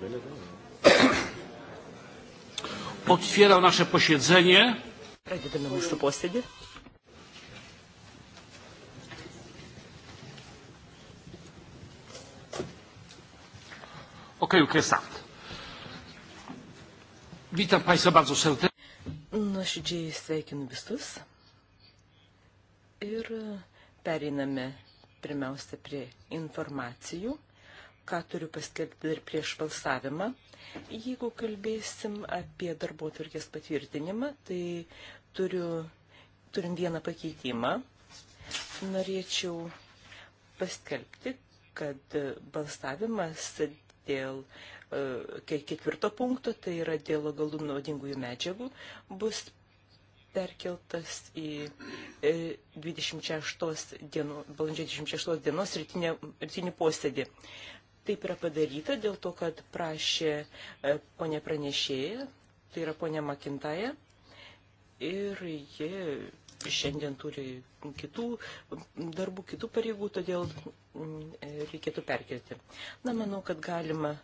Otwieram nasze posiedzenie. Pradedame mūsų posėdį. Okej, okay, start. Witam Państwa bardzo serdecznie. Nuoširdžiai sveikinu visus. Ir pereiname pirmiausia prie informacijų ką turiu paskelbti ir prieš balsavimą. Jeigu kalbėsim apie darbo tvarkės patvirtinimą, tai turiu, turim vieną pakeitimą. Norėčiau paskelbti, kad balsavimas dėl e, ketvirto punkto, tai yra dėl galų naudingųjų medžiagų, bus perkeltas į 26 e, dienų, balandžio 26 dienos rytinį posėdį. Taip yra padaryta dėl to, kad prašė e, ponė pranešėja, tai yra ponė Makintaja, ir ji šiandien turi kitų darbų, kitų pareigų, todėl mm, e, reikėtų perkelti. Na, manau, kad galima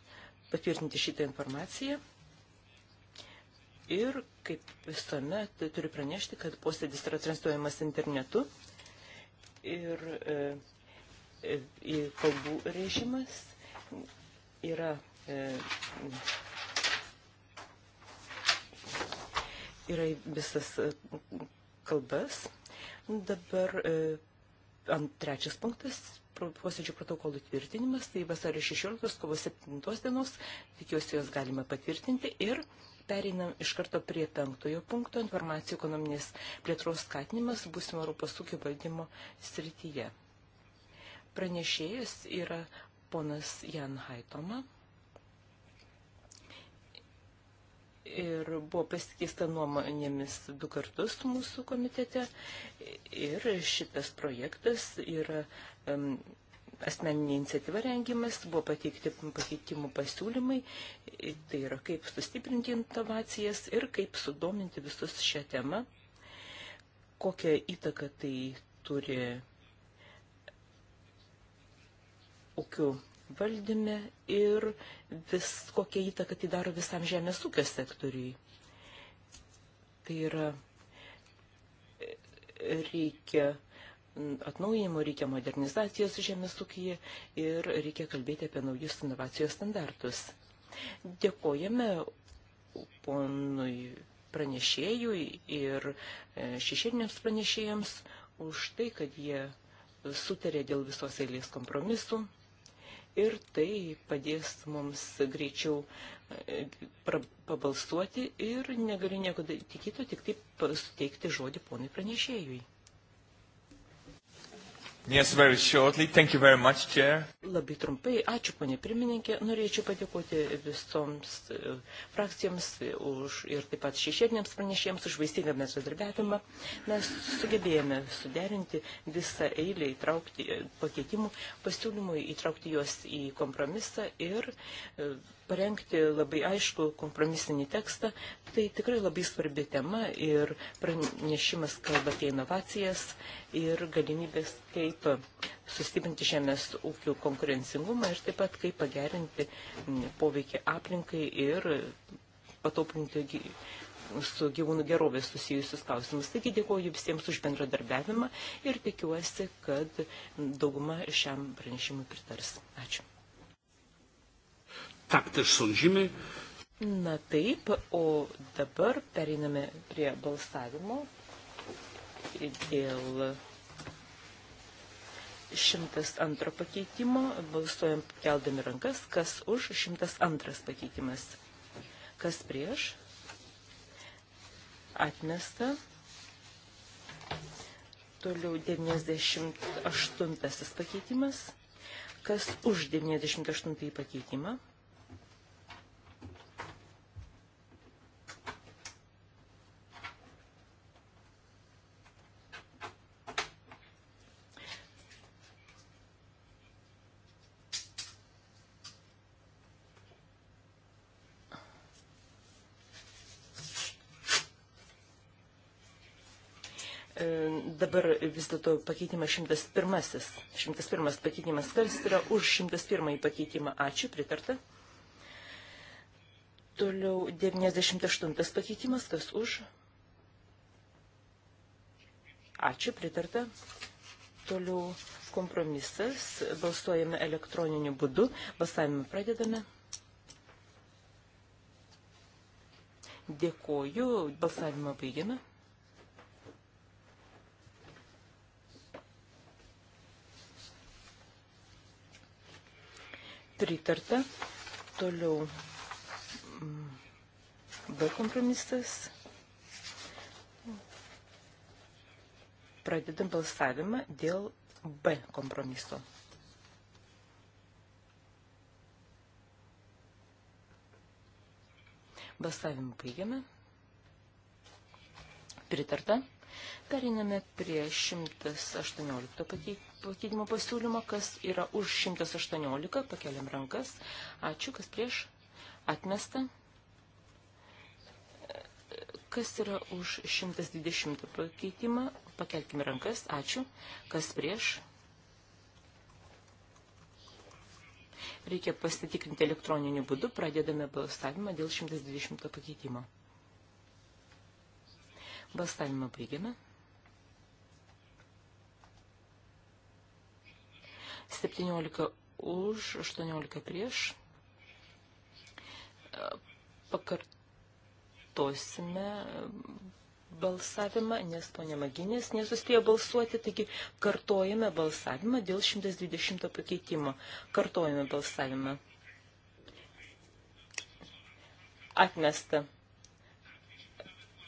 patvirtinti šitą informaciją. Ir, kaip visuomet, turiu pranešti, kad posėdis yra transliuojamas internetu ir e, e, kalbų režimas yra. E, yra visas e, kalbas. Dabar e, ant trečias punktas posėdžių protokolų tvirtinimas, tai vasario 16, kovo 7 dienos, tikiuosi jos galima patvirtinti ir pereinam iš karto prie penktojo punkto informacijų ekonominės plėtros skatinimas būsimo Europos ūkio valdymo srityje. Pranešėjas yra ponas Jan Haitoma. ir buvo pasikeista nuomonėmis du kartus mūsų komitete. Ir šitas projektas yra um, asmeninė iniciatyva rengimas, buvo pateikti pakeitimų pasiūlymai, tai yra kaip sustiprinti inovacijas ir kaip sudominti visus šią temą, kokią įtaką tai turi ūkių valdyme ir vis kokią įtaką tai daro visam žemės ūkio sektoriui. Tai yra reikia atnaujinimo, reikia modernizacijos žemės ūkyje ir reikia kalbėti apie naujus inovacijos standartus. Dėkojame ponui pranešėjui ir e, šešėliniams pranešėjams už tai, kad jie sutarė dėl visos eilės kompromisų ir tai padės mums greičiau e, pabalsuoti ir negaliu nieko tikito, tik taip suteikti žodį ponui pranešėjui. Yes, very shortly. Thank you very much, Chair. Labai trumpai, ačiū, ponė pirmininkė. Norėčiau padėkoti visoms e, frakcijoms e, už, ir taip pat šešėdiniams pranešėjams už vaistingą bendradarbiavimą. Mes sugebėjome suderinti visą eilę įtraukti e, pakeitimų pasiūlymų, įtraukti juos į kompromisą ir parengti labai aišku kompromisinį tekstą. Tai tikrai labai svarbi tema ir pranešimas kalba apie inovacijas ir galimybės, kaip sustiprinti žemės ūkių konkurencingumą ir taip pat kaip pagerinti poveikį aplinkai ir pataupinti su gyvūnų gerovės susijusius klausimus. Taigi dėkuoju visiems už bendradarbiavimą ir tikiuosi, kad dauguma šiam pranešimui pritars. Ačiū. Tak też sądzimy. Na taip, o dabar pereiname prie balsavimo dėl 102 pakeitimo, balsuojam keldami rankas, kas už 102 pakeitimas, kas prieš, atmesta, toliau 98 pakeitimas, kas už 98 pakeitimą, nuostatų pakeitimas 101. 101 pakeitimas. Kas yra už 101 pakeitimą? Ačiū, pritarta. Toliau 98 pakeitimas. Kas už? Ačiū, pritarta. Toliau kompromisas. Balsuojame elektroniniu būdu. Balsavimą pradedame. Dėkoju. Balsavimą baigiame. pritarta. Toliau B kompromisas. Pradedam balsavimą dėl B kompromiso. Balsavimą baigiame. Pritarta. Periname prie 118 pakeitimo pakeitimo pasiūlymą, kas yra už 118, pakeliam rankas. Ačiū, kas prieš atmesta. Kas yra už 120 pakeitimą, pakelkime rankas, ačiū. Kas prieš? Reikia pasitikrinti elektroniniu būdu, pradedame balsavimą dėl 120 pakeitimo. Balsavimą baigiame. 17 už, 18 prieš. E, pakartosime e, balsavimą, nes ponia Maginės nesuspėjo balsuoti, taigi kartojame balsavimą dėl 120 pakeitimo. Kartojame balsavimą. Atmesta.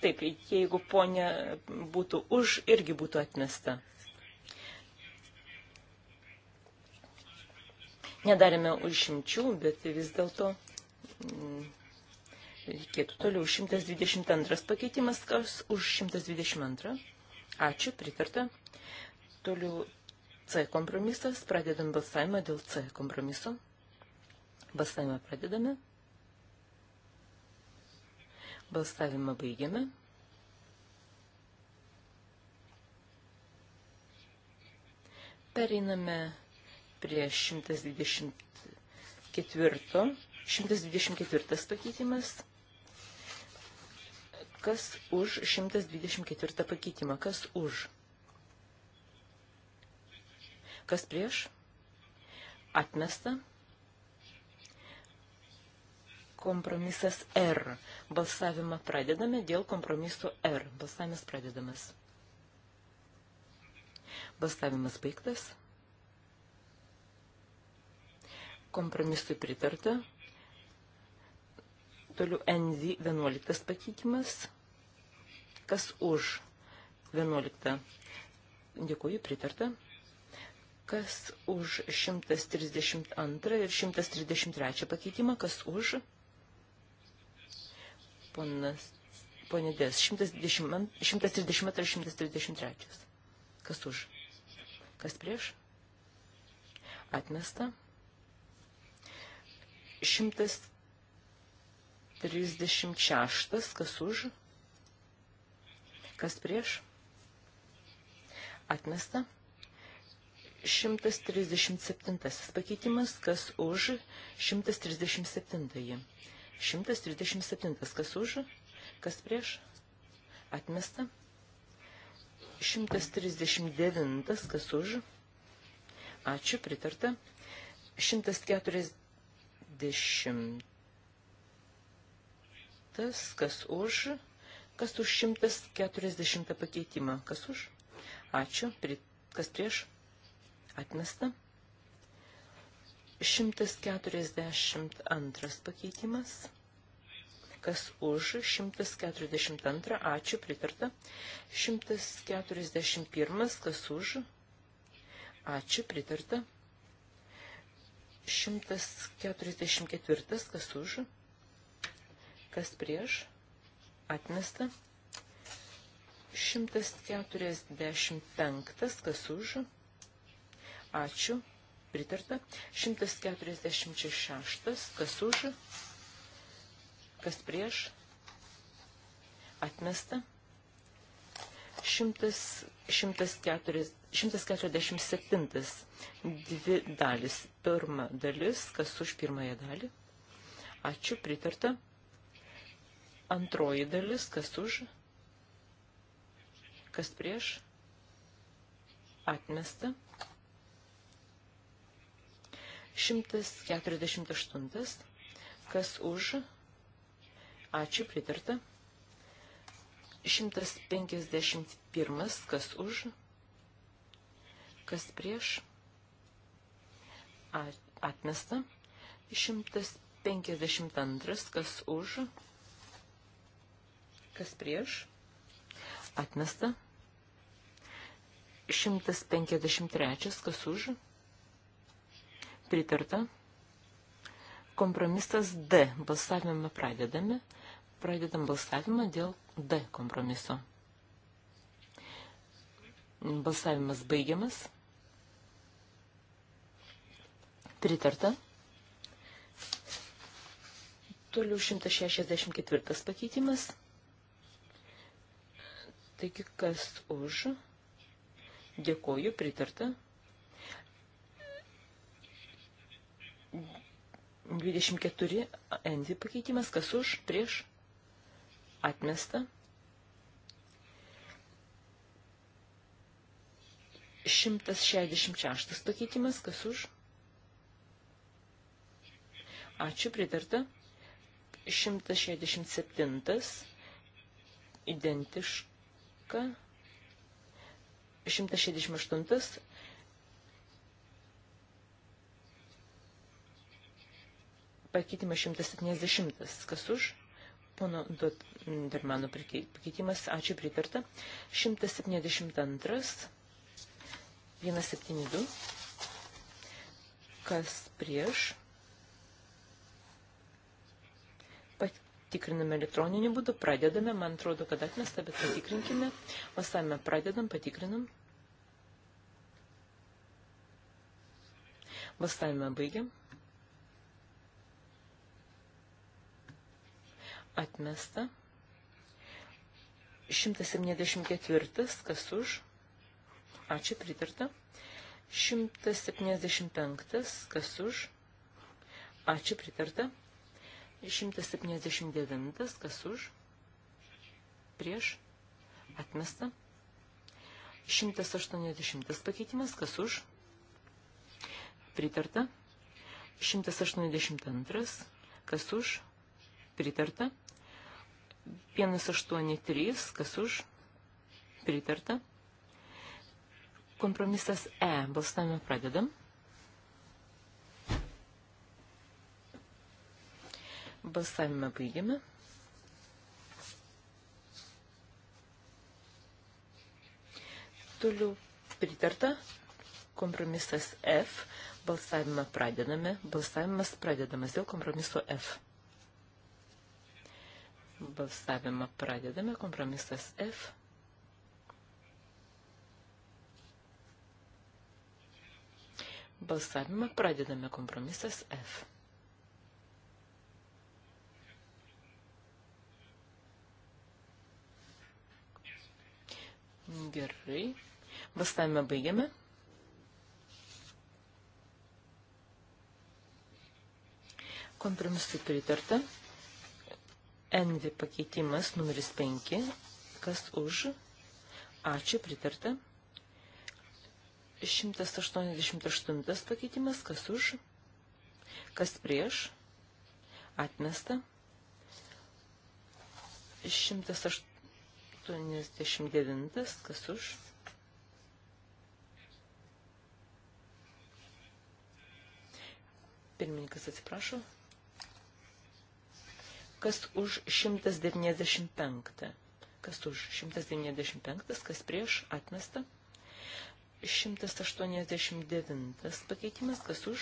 Taip, jeigu ponia būtų už, irgi būtų atmesta. Nedarėme išimčių, bet vis dėlto mm, reikėtų toliau. 122 pakeitimas, kas už 122. Ačiū, pritarta. Toliau C kompromisas, pradedam balsavimą dėl C kompromiso. Balsavimą pradedame. Balsavimą baigiame. Pereiname prie 124, 124 pakeitimas. Kas už 124 pakeitimą? Kas už? Kas prieš? Atmesta. Kompromisas R. Balsavimą pradedame dėl kompromiso R. Balsavimas pradedamas. Balsavimas baigtas kompromisui pritarta. Toliau NV11 pakeitimas. Kas už 11? Dėkuoju, pritarta. Kas už 132 ir 133 pakeitimą? Kas už? Ponas, ponė Dės, 120, 130 ar 133. Kas už? Kas prieš? Atmesta. Atmesta. 136, kas už, kas prieš, atmesta. 137 pakeitimas, kas už, 137. 137, kas už, kas prieš, atmesta. 139, kas už, ačiū, pritarta. 140 110. Kas už? Kas už 140 pakeitimą? Kas už? Ačiū. Kas prieš? Atmesta. 142 pakeitimas. Kas už 142? Ačiū, pritarta. 141. Kas už? Ačiū, pritarta. 144, kas už, kas prieš, atmesta. 145, kas už, ačiū, pritarta. 146, kas už, kas prieš, atmesta. 147. Dvi dalis. Pirma dalis, kas už pirmąją dalį. Ačiū, pritarta. Antroji dalis, kas už, kas prieš, atmesta. 148. Kas už, ačiū, pritarta. 151, kas už, kas prieš, atmesta. 152, kas už, kas prieš, atmesta. 153, kas už, pritarta. Kompromisas D. Balsavimą pradedame. Pradedam balsavimą dėl D kompromiso. Balsavimas baigiamas. Pritarta. Toliau 164 pakeitimas. Taigi, kas už? Dėkoju, pritarta. 24 Envi pakeitimas, kas už, prieš, atmesta. Šimtas šešdešimt šeštas pakeitimas, kas už? Ačiū, pritarta. Šimtas šešdešimt septintas, identiška. Šimtas šešdešimt aštuntas, pakeitimas 170. Kas už? Pono Dermano pakeitimas, ačiū pritarta. 172, 172, kas prieš. Tikriname elektroninį būdų, pradedame, man atrodo, kad atmesta, bet patikrinkime. Vasame pradedam, patikrinam. Vasame baigiam. atmesta. 174, kas už, ačiū, pritarta. 175, kas už, ačiū, pritarta. 179, kas už, prieš, atmesta. 180 pakeitimas, kas už, pritarta. 182, kas už, pritarta. 183, kas už, pritarta. Kompromisas E, balsavimą pradedam. Balsavimą baigiame. Toliau pritarta kompromisas F. Balsavimą pradedame. Balsavimas pradedamas dėl kompromiso F. Balsavimą pradedame. Kompromisas F. Balsavimą pradedame. Kompromisas F. Gerai. Balsavimą baigiame. Kompromisui pritarta. Envi pakeitimas numeris 5. Kas už? Ačiū, pritarta. 188 pakeitimas. Kas už? Kas prieš? Atmesta. 189. Kas už? Pirmininkas atsiprašo. Kas už 195? Kas už 195? Kas prieš? Atmesta. 189 pakeitimas. Kas už?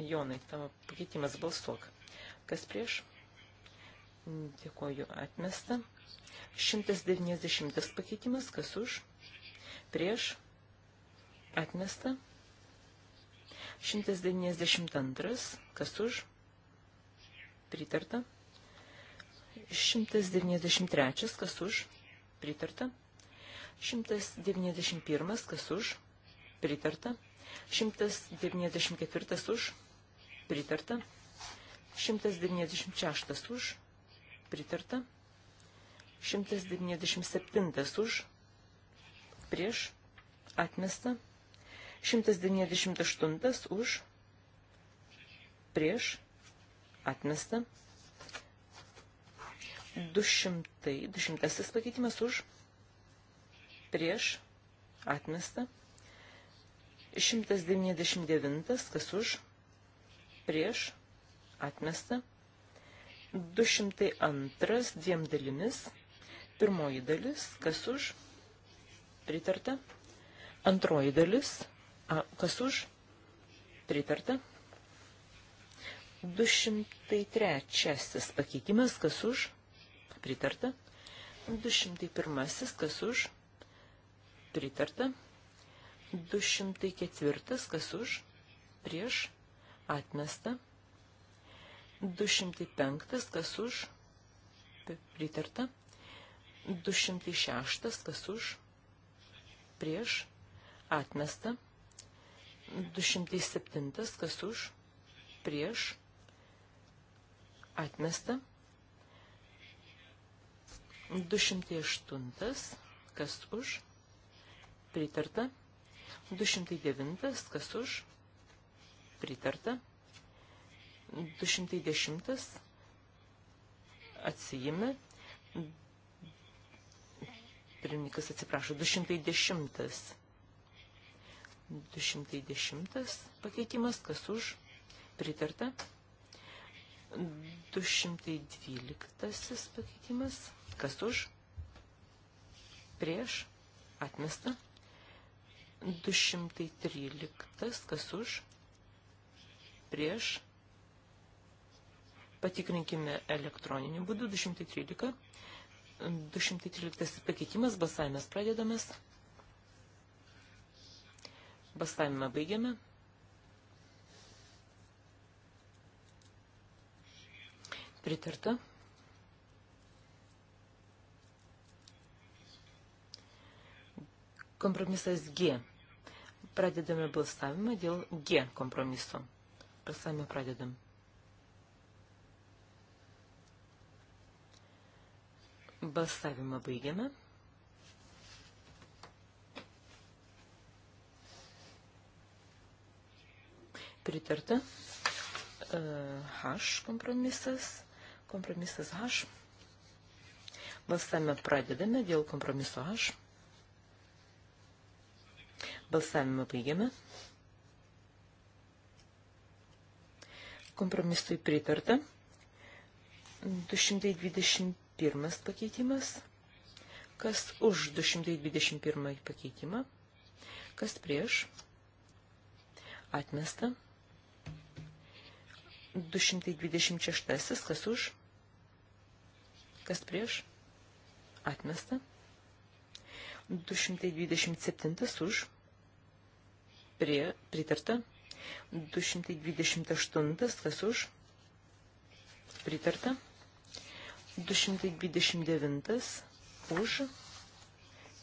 Jonai, tavo pakeitimas balsuok. Kas prieš? Dėkoju, atmesta. 190 pakeitimas, kas už? Prieš? Atmesta. 192. Kas už? Pritarta. 193. Kas už? Pritarta. 191. Kas už? Pritarta. 194. Už? Pritarta. 196. Už? Pritarta. 197. Už? Prieš? Atmesta. 198 už, prieš, atmesta. 200, 200 pakeitimas už, prieš, atmesta. 199, kas už, prieš, atmesta. 202, dviem dalimis. Pirmoji dalis, kas už, pritarta. Antroji dalis, A, kas už? Pritarta. 203 pakeitimas, kas už? Pritarta. 201, kas už? Pritarta. 204, kas už? Prieš? Atmesta. 205, kas už? Pritarta. 206, kas už? Prieš? Atmesta. 207, kas už, prieš, atmesta. 208, kas už, pritarta. 209, kas už, pritarta. 210, atsijime. Pirmininkas atsiprašo, 210. 210 pakeitimas, kas už, pritarta. 212 pakeitimas, kas už, prieš, atmesta. 213, kas už, prieš, patikrinkime elektroniniu būdu, 213, 213 pakeitimas, balsavimas pradedamas. Bastavimą baigiame. Pritarta. Kompromisas G. Pradedame balsavimą dėl G kompromiso. Balsavimą pradedam. Balsavimą baigiame. pritarta. E, H kompromisas, kompromisas H. Balsavimą pradedame dėl kompromiso H. Balsavimą baigiame. Kompromisui pritarta. 221 pakeitimas. Kas už 221 pakeitimą? Kas prieš? Atmesta. 226. Kas už? Kas prieš? Atmesta. 227 už. Prie, pritarta. 228 kas už. Pritarta. 229 už.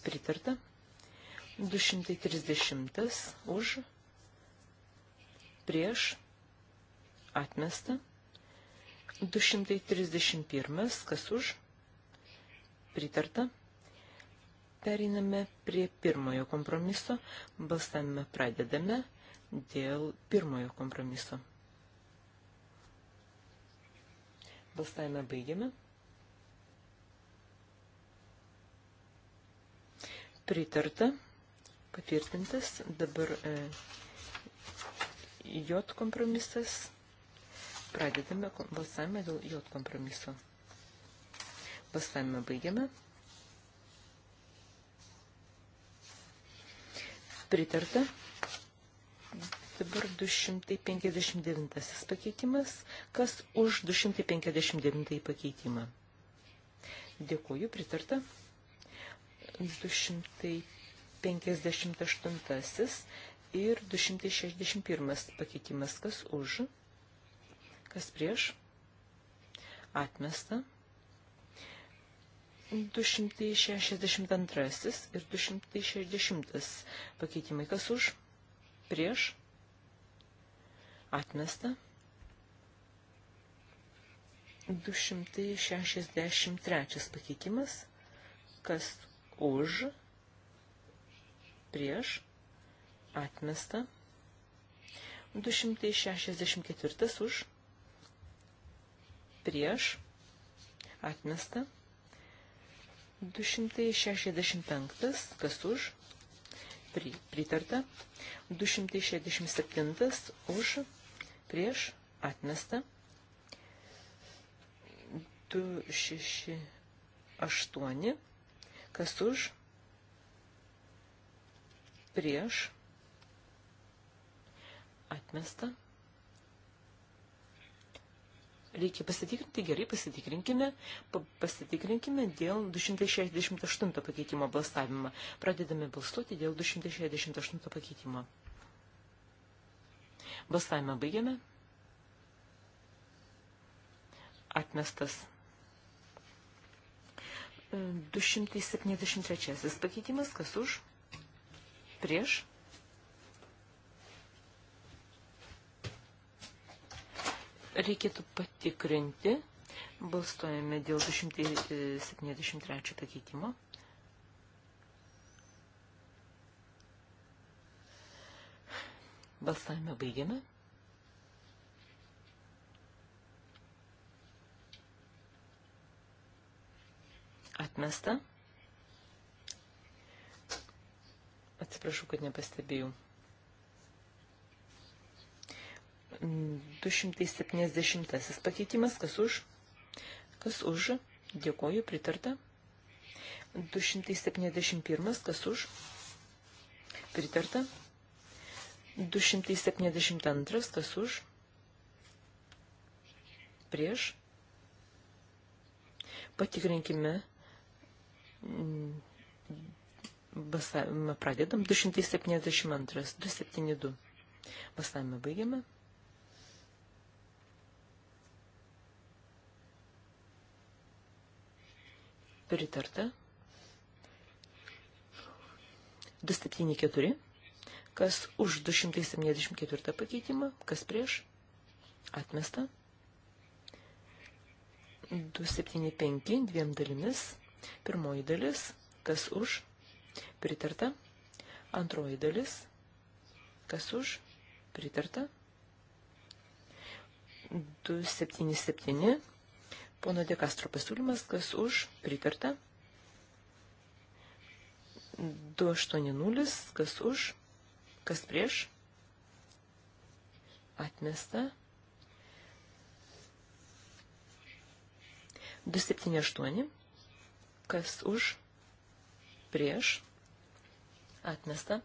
Pritarta. 230 už. Prieš atmesta. 231, kas už, pritarta. Periname prie pirmojo kompromiso, balsavime pradedame dėl pirmojo kompromiso. Balsavime baigiame. Pritarta, patvirtintas, dabar e, J kompromisas. Pradedame balsavimą dėl J kompromiso. Balsavimą baigiame. Pritarta. Dabar 259 pakeitimas. Kas už 259 pakeitimą? Dėkuoju, pritarta. 258 ir 261 pakeitimas. Kas už? Kas prieš? Atmesta. 262 ir 260 pakeitimai. Kas už? Prieš? Atmesta. 263 pakeitimas. Kas už? Prieš? Atmesta. 264 už? prieš, atmesta. 265, kas už, pri, pritarta. 267, už, prieš, atmesta. 268, kas už, prieš, atmesta reikia pasitikrinti, gerai pasitikrinkime, pasitikrinkime dėl 268 pakeitimo balsavimą. Pradedame balsuoti dėl 268 pakeitimo. Balsavimą baigiame. Atmestas. 273 e, pakeitimas, kas už? Prieš? reikėtų patikrinti. Balstojame dėl 273 pakeitimo. Balsavimą baigiame. Atmesta. Atsiprašau, kad nepastebėjau. 270 pakeitimas, kas už, kas už, dėkoju, pritarta. 271, kas už, pritarta. 272, kas už, prieš. Patikrinkime basavimą pradedam 272, 272. Basavimą baigiame. pritarta. 274, kas už 274 pakeitimą, kas prieš, atmesta. 275, dviem dalimis, pirmoji dalis, kas už, pritarta. Antroji dalis, kas už, pritarta. 277, Pono Dekastro pasiūlymas, kas už, pritarta. 280, kas už, kas prieš, atmesta. 278, kas už, prieš, atmesta.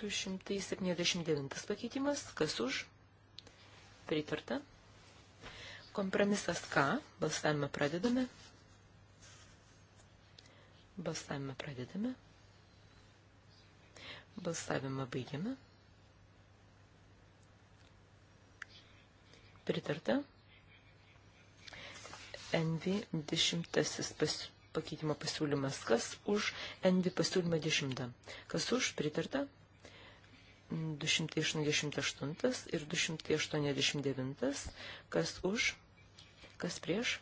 279 pakeitimas, kas už, pritarta. Kompromisas K. Balsavimą pradedame. Balsavimą pradedame. Balsavimą baigiame. Pritarta. NV 10 pakeitimo pasiūlymas. Kas už NV pasiūlymą 10? Kas už pritarta? 288 ir 289. Kas už Kas prieš?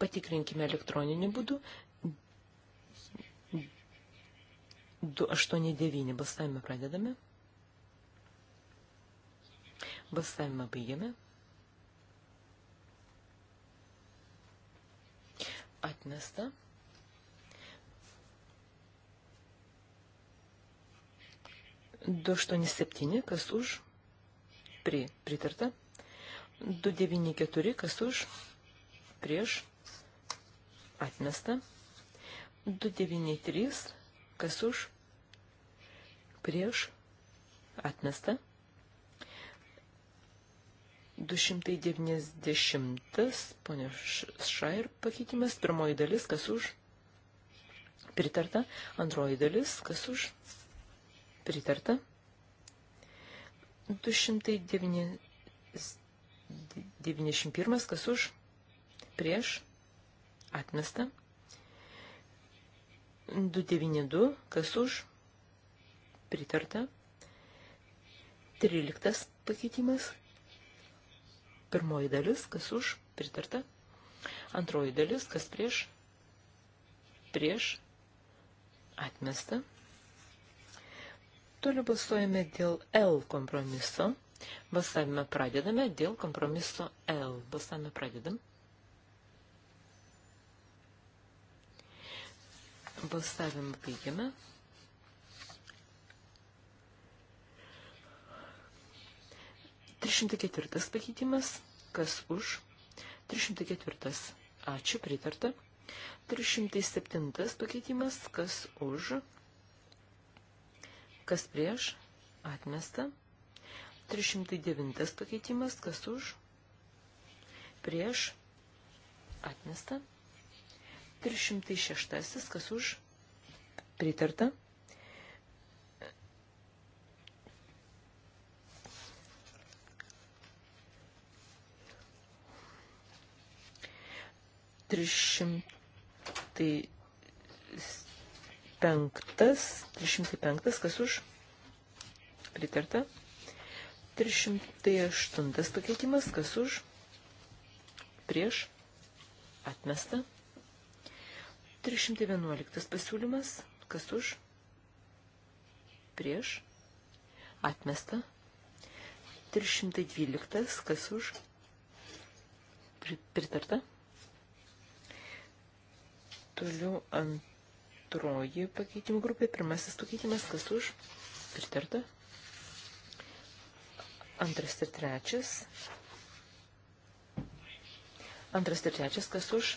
Patikrinkime elektroninį būdų. 289 balsavimą pradedame. Balsavimą baigiame. Atmesta. Du aštuoni septyni, kas už, pri, pritarta. 294, kas už, prieš, atmesta. 293, kas už, prieš, atmesta. 290, ponia Šair pakeitimas, pirmoji dalis, kas už, pritarta, antroji dalis, kas už, pritarta. 291, kas už, prieš, atmesta. 292, kas už, pritarta. 13 pakeitimas, pirmoji dalis, kas už, pritarta. Antroji dalis, kas prieš, prieš, atmesta. Toliau balsuojame dėl L kompromiso. Balsavimą pradedame dėl kompromiso L. Balsavimą pradedam. Balsavimą baigiame. Trišimtai ketvirtas pakeitimas. Kas už? Trišimtai ketvirtas. Ačiū, pritarta. Trišimtai septintas pakeitimas. Kas už? Kas prieš? Atmesta. 309 pakeitimas. Kas už? Prieš? Atmesta. 306. Kas už? Pritarta. 300 305, kas už? Pritarta. 308 pakeitimas, kas už? Prieš. Atmesta. 311 pasiūlymas, kas už? Prieš. Atmesta. 312, kas už? Pritarta. Toliau ant antroji pakeitimų grupė, pirmasis pakeitimas, kas už, pritarta, antras ir trečias, antras ir trečias, kas už,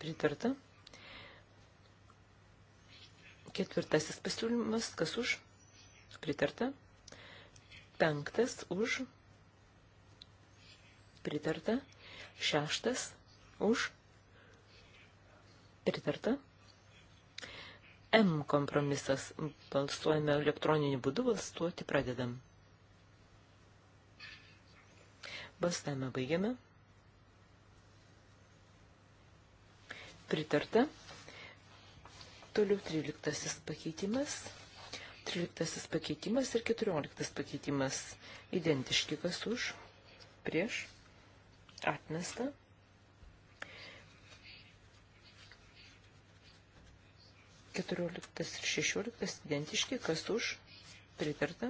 pritarta, ketvirtasis pasiūlymas, kas už, pritarta, penktas už, pritarta, šeštas už, pritarta. M kompromisas. Balsuojame elektroniniu būdu, balsuoti pradedam. Balsavimą baigiame. Pritarta. Toliau 13 pakeitimas. 13 pakeitimas ir 14 pakeitimas. Identiški kas už, prieš, atmesta. Atmesta. 14 ir 16 identiški, kas už, pritarta.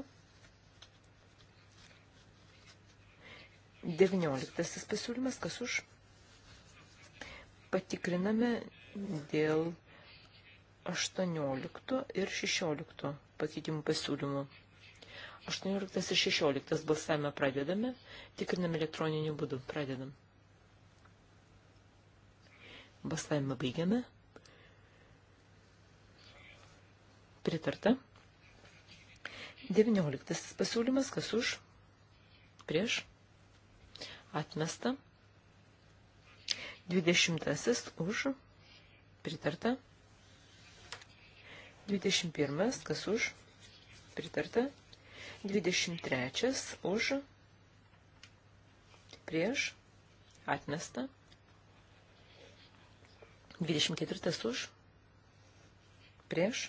19 pasiūlymas, kas už, patikriname dėl 18 ir 16 pakeitimų pasiūlymų. 18 ir 16 balsavimą pradedame, tikriname elektroniniu būdu, pradedam. Balsavimą baigiame. pritarta. 19 pasiūlymas, kas už, prieš, atmesta. 20 už, pritarta. 21 kas už, pritarta. 23 už, prieš, atmesta. 24 už, prieš,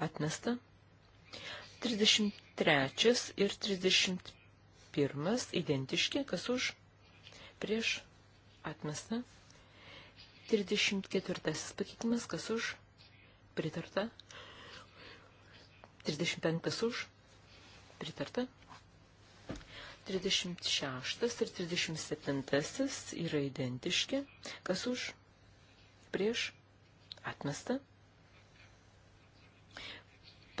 atmesta. 33 ir 31 identiški, kas už, prieš, atmesta. 34 pakeitimas, kas už, pritarta. 35 už, pritarta. 36 ir 37 yra identiški, kas už, prieš, atmesta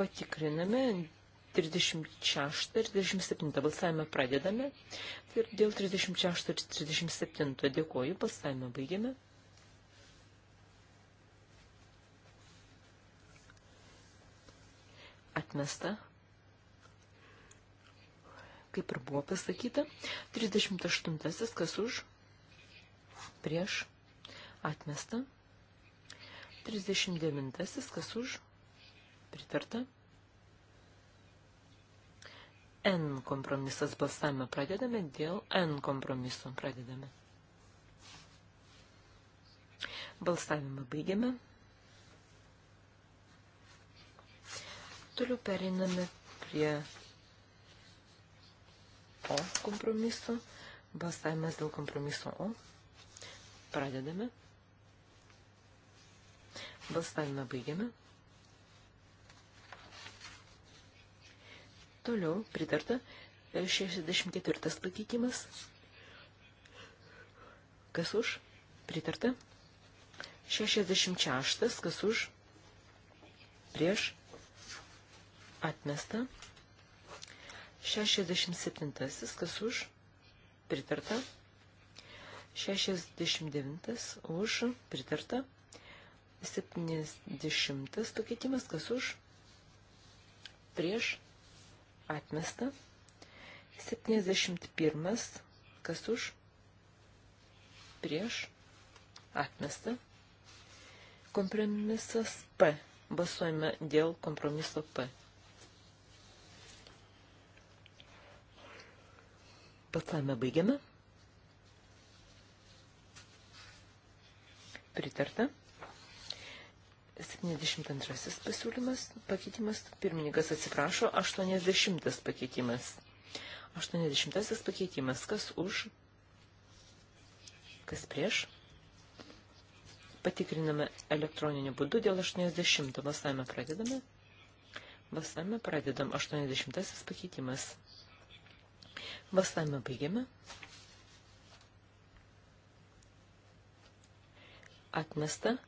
patikriname 36 ir 37 balsavimą pradedame. Ir dėl 36 ir 37 dėkoju, balsavimą baigiame. Atmesta. Kaip ir buvo pasakyta, 38 kas už, prieš, atmesta. 39 kas už, prieš Pritarta. N kompromisas balsavimą pradedame dėl N kompromiso. Pradedame. Balsavimą baigiame. Toliau pereiname prie O kompromiso. Balsavimas dėl kompromiso O. Pradedame. Balsavimą baigiame. Toliau pritarta 64 pakeitimas. Kas už? Pritarta. 66. Kas už? Prieš. Atmesta. 67. Kas už? Pritarta. 69. Už. Pritarta. 70. Pakeitimas. Kas už? Prieš atmesta. 71. Kas už? Prieš. Atmesta. Kompromisas P. Balsuojame dėl kompromiso P. Balsavimą baigiame. Pritarta. 72 pasiūlymas, pakeitimas, pirmininkas atsiprašo, 80 pakeitimas. 80 pakeitimas, kas už, kas prieš. Patikriname elektroniniu būdu dėl 80, balsavimą pradedame. Balsavimą pradedam, 80 pakeitimas. Balsavimą baigiame. Atmesta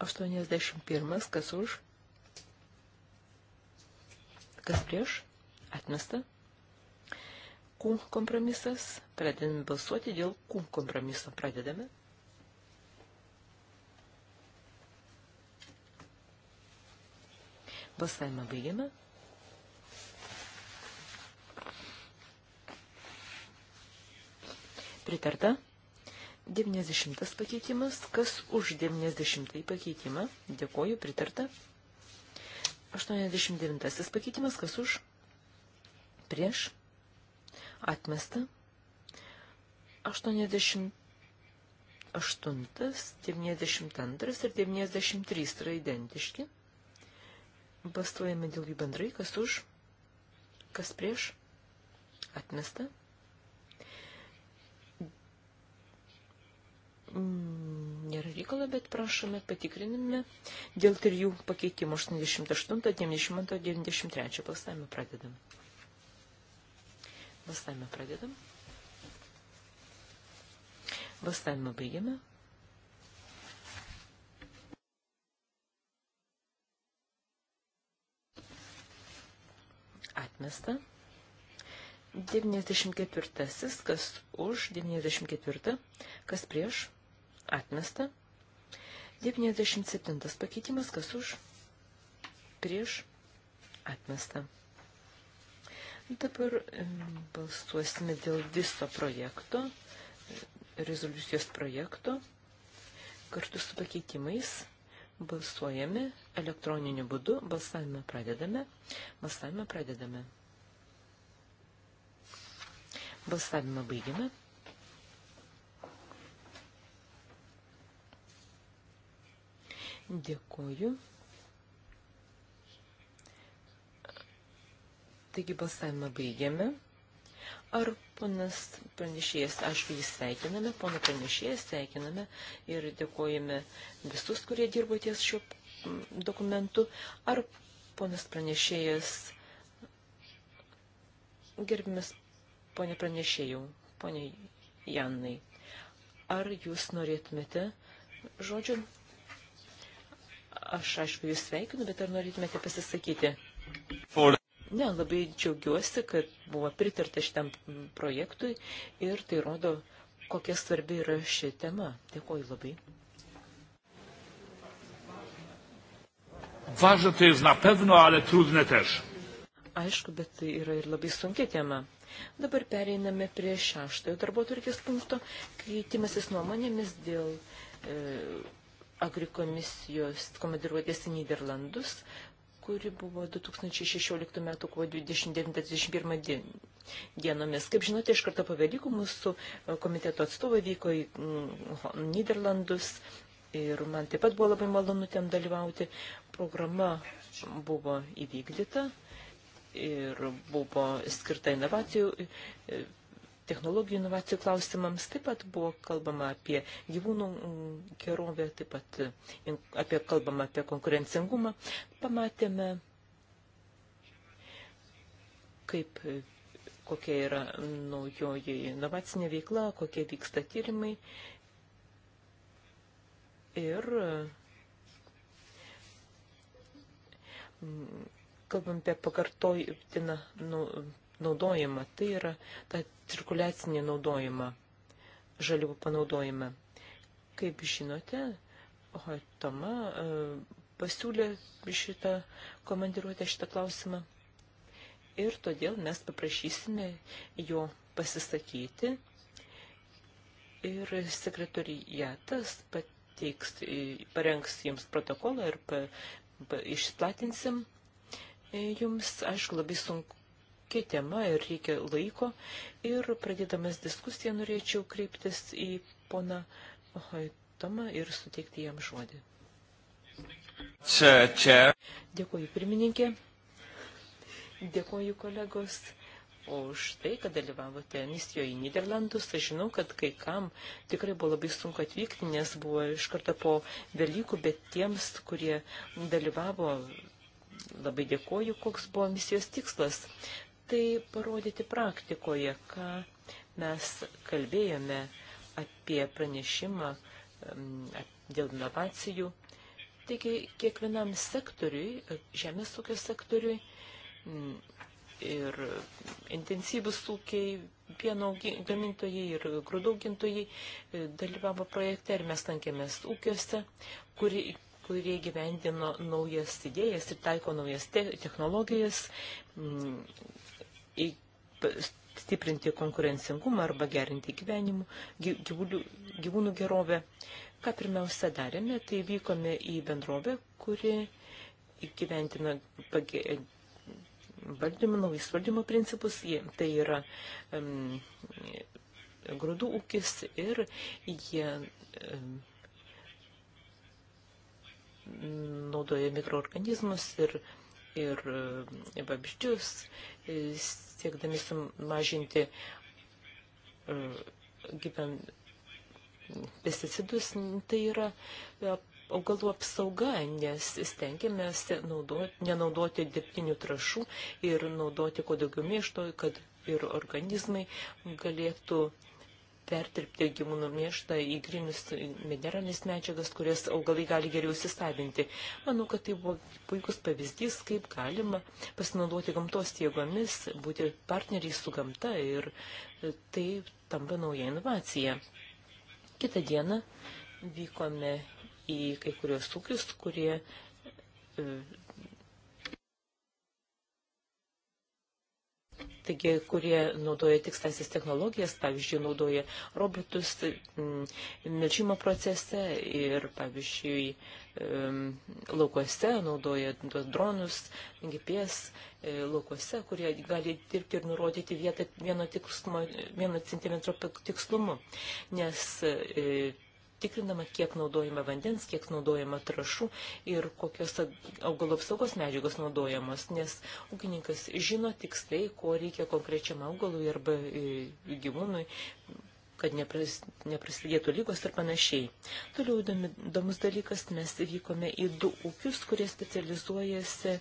81, kas už, kas prieš, atmesta. Q kompromisas, pradedame balsuoti dėl Q kompromiso, pradedame. Balsavimą baigiame. Pritarta. 90 pakeitimas. Kas už 90 pakeitimą? Dėkoju, pritarta. 89 pakeitimas. Kas už? Prieš. Atmesta. 88, 92 ir 93 yra identiški. Bastuojame dėl jų bendrai. Kas už? Kas prieš? Atmesta. 94. nėra reikalo, bet prašome, patikrinime dėl trijų pakeitimų 88, 92, 93. Balsavimą pradedam. Balsavimą pradedam. Balsavimą baigiame. Atmesta. 94. Kas už 94. Kas prieš? Atmesta. 97 pakeitimas, kas už, prieš, atmesta. Dabar balsuosime dėl viso projekto, rezoliucijos projekto. Kartu su pakeitimais balsuojame elektroniniu būdu, balsavimą pradedame, balsavimą pradedame. Balsavimą baigiame. Dėkoju. Taigi balsavimą baigiame. Ar ponas pranešėjas, aišku, jį sveikiname, pono pranešėjas sveikiname ir dėkojame visus, kurie dirbo ties šiuo dokumentu. Ar ponas pranešėjas, gerbimas ponė pranešėjau, ponė Janai, ar jūs norėtumėte žodžiu Aš, aišku, jūs sveikinu, bet ar norėtumėte pasisakyti? For... Ne, labai džiaugiuosi, kad buvo pritarta šitam projektui ir tai rodo, kokia svarbi yra ši tema. Dėkuoju labai. Ważne to jest na pewno, ale trudne też. Aišku, bet tai yra ir labai sunkia tema. Dabar pereiname prie šeštojo darbo turkės punkto, keitimasis nuomonėmis dėl e, agrikomisijos komandiruotės į Niderlandus, kuri buvo 2016 m. kovo 29-31 dienomis. Kaip žinote, iš karto po Velykų mūsų e, komiteto atstovai vyko į mm, Niderlandus ir man taip pat buvo labai malonu ten dalyvauti. Programa buvo įvykdyta ir buvo skirta inovacijų e, technologijų inovacijų klausimams, taip pat buvo kalbama apie gyvūnų mm, gerovę, taip pat apie, kalbama apie konkurencingumą. Pamatėme, kaip kokia yra naujoji inovacinė veikla, kokie vyksta tyrimai. Ir mm, kalbant apie pakartotiną nu, naudojimą, tai yra tą cirkuliacinį naudojimą, žaliavų panaudojimą. Kaip žinote, Hoitoma e, pasiūlė šitą komandiruotę, šitą klausimą. Ir todėl mes paprašysime jo pasisakyti ir sekretorijatas pateiks, e, parengs jums protokolą ir pa, pa, išplatinsim e, jums. Aišku, labai sunku sunki tema ir reikia laiko. Ir pradėdamas diskusiją norėčiau kreiptis į poną Hoitomą ir suteikti jam žodį. Čia, čia. Dėkuoju pirmininkė, dėkuoju kolegos už tai, kad dalyvavote misijoje į Niderlandus. Aš žinau, kad kai kam tikrai buvo labai sunku atvykti, nes buvo iš karto po Velykų, bet tiems, kurie dalyvavo, labai dėkoju, koks buvo misijos tikslas tai parodyti praktikoje, ką mes kalbėjome apie pranešimą dėl inovacijų. Taigi kiekvienam sektoriui, žemės ūkio sektoriui ir intensyvus ūkiai, pieno gamintojai ir grūdų augintojai e, dalyvavo projekte ir mes tankėmės ūkiuose, kuri, kurie gyvendino naujas idėjas ir taiko naujas te technologijas, stiprinti konkurencingumą arba gerinti gyvenimų, gyvulių, gyvūnų gerovę. Ką pirmiausia darėme, tai vykome į bendrovę, kuri įgyventina valdymo, naujais valdymo principus. Tai yra um, grūdų ūkis ir jie um, naudoja mikroorganizmus ir, ir vabždžius, siekdami sumažinti e, gyvent pesticidus, tai yra e, augalų apsauga, nes stengiamės naudoti, nenaudoti dirbtinių trašų ir naudoti kuo daugiau mėšto, kad ir organizmai galėtų pertirpti gyvūnų mėštą į grinus mineralinės medžiagas, kurias augalai gali geriau įsisavinti. Manau, kad tai buvo puikus pavyzdys, kaip galima pasinaudoti gamtos jėgomis, būti partneriai su gamta ir tai tampa nauja inovacija. Kita diena vykome į kai kurios ūkius, kurie taigi, kurie naudoja tikstasis technologijas, pavyzdžiui, naudoja robotus mm, melžimo procese ir, pavyzdžiui, laukuose naudoja dronus, GPS e, laukuose, kurie gali dirbti ir nurodyti vietą vieno, tikslumo, vieno centimetro tikslumu, nes e, tikrinama, kiek naudojama vandens, kiek naudojama trašų ir kokios augalų apsaugos medžiagos naudojamos, nes ūkininkas žino tiksliai, ko reikia konkrečiam augalui arba e, gyvūnui kad nepras, neprasidėtų lygos ir panašiai. Toliau įdomi, įdomus dalykas, mes vykome į du ūkius, kurie specializuojasi e,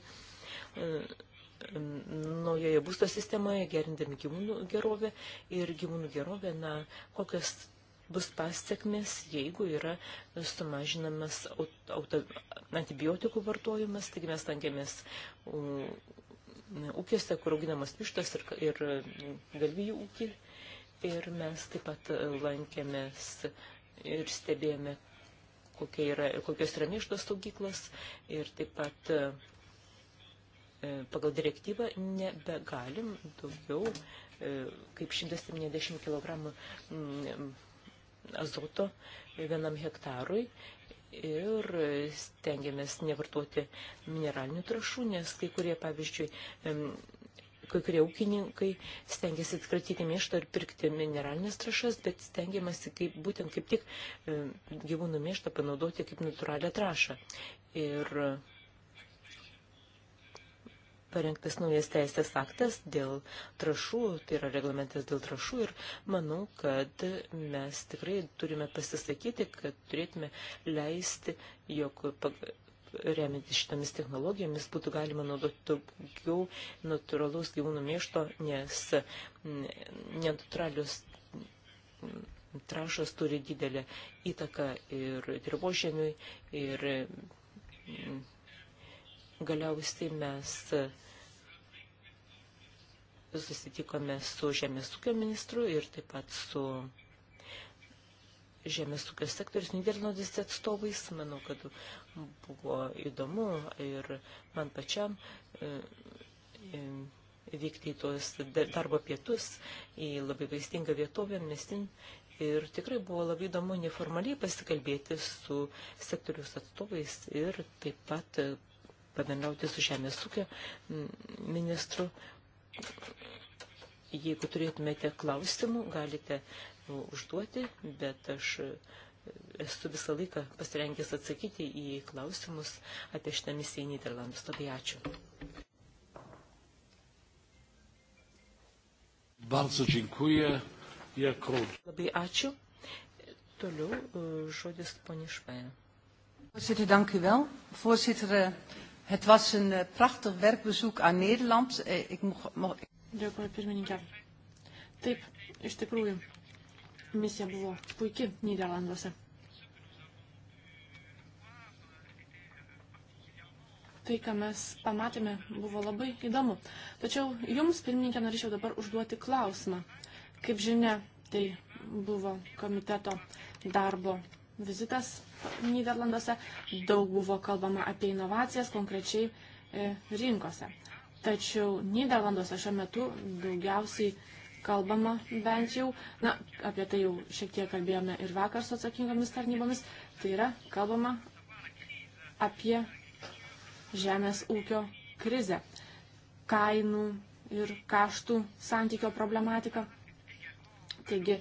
naujoje būsto sistemoje, gerindami gyvūnų gerovę ir gyvūnų gerovę, na, kokios bus pasiekmes, jeigu yra sumažinamas auto, antibiotikų vartojimas, taigi mes tankėmės ūkiuose, kur auginamas vištas ir, ir galvijų ūkį. Ir mes taip pat lankėmės ir stebėjome, kokie yra, kokios yra miškos saugyklos ir taip pat e, pagal direktyvą nebegalim daugiau e, kaip 170 kg azoto vienam hektarui ir stengiamės nevartoti mineralinių trašų, nes kai kurie, pavyzdžiui, kai kurie ūkininkai stengiasi atskratyti mėštą ir pirkti mineralinės trašas, bet stengiamasi kaip, būtent kaip tik gyvūnų mėštą panaudoti kaip natūralią trašą. Ir parengtas naujas teisės aktas dėl trašų, tai yra reglamentas dėl trašų ir manau, kad mes tikrai turime pasisakyti, kad turėtume leisti, jog remiantis šitomis technologijomis būtų galima naudoti daugiau natūralaus gyvūnų mėšto, nes nenatūralius trašas turi didelę įtaką ir dirbožėmiui, ir Galiausiai mes e, susitikome su Žemės ūkio ministru ir taip pat su Žemės ūkio sektorius Niderlandės atstovais. Manau, kad buvo įdomu ir man pačiam e, e, vykti į tuos darbo pietus į labai vaistingą vietovę Mestin. Ir tikrai buvo labai įdomu neformaliai pasikalbėti su sektorius atstovais ir taip pat pabendrauti su Žemės ūkio ministru. Jeigu turėtumėte klausimų, galite nu, užduoti, bet aš esu visą laiką pasirengęs atsakyti į klausimus apie šitą misiją į Niderlandus. Labai ačiū. Bardzo dziękuję. Jako... Labai ačiū. Toliau e, žodis ponišvaja. Voorzitter, dank u wel. Voorzitter, eh, Het was een uh, prachtig werkbezoek aan Nederland. Uh, ik mocht... Mo Dėkuoju, pirmininkė. Taip, iš tikrųjų, misija buvo puikia Niderlanduose. Tai, ką mes pamatėme, buvo labai įdomu. Tačiau jums, pirmininkė, norėčiau dabar užduoti klausimą. Kaip žinia, tai buvo komiteto darbo vizitas Niderlanduose, daug buvo kalbama apie inovacijas konkrečiai e, rinkose. Tačiau Niderlanduose šiuo metu daugiausiai kalbama bent jau, na, apie tai jau šiek tiek kalbėjome ir vakar su atsakingomis tarnybomis, tai yra kalbama apie žemės ūkio krizę, kainų ir kaštų santykio problematiką. Taigi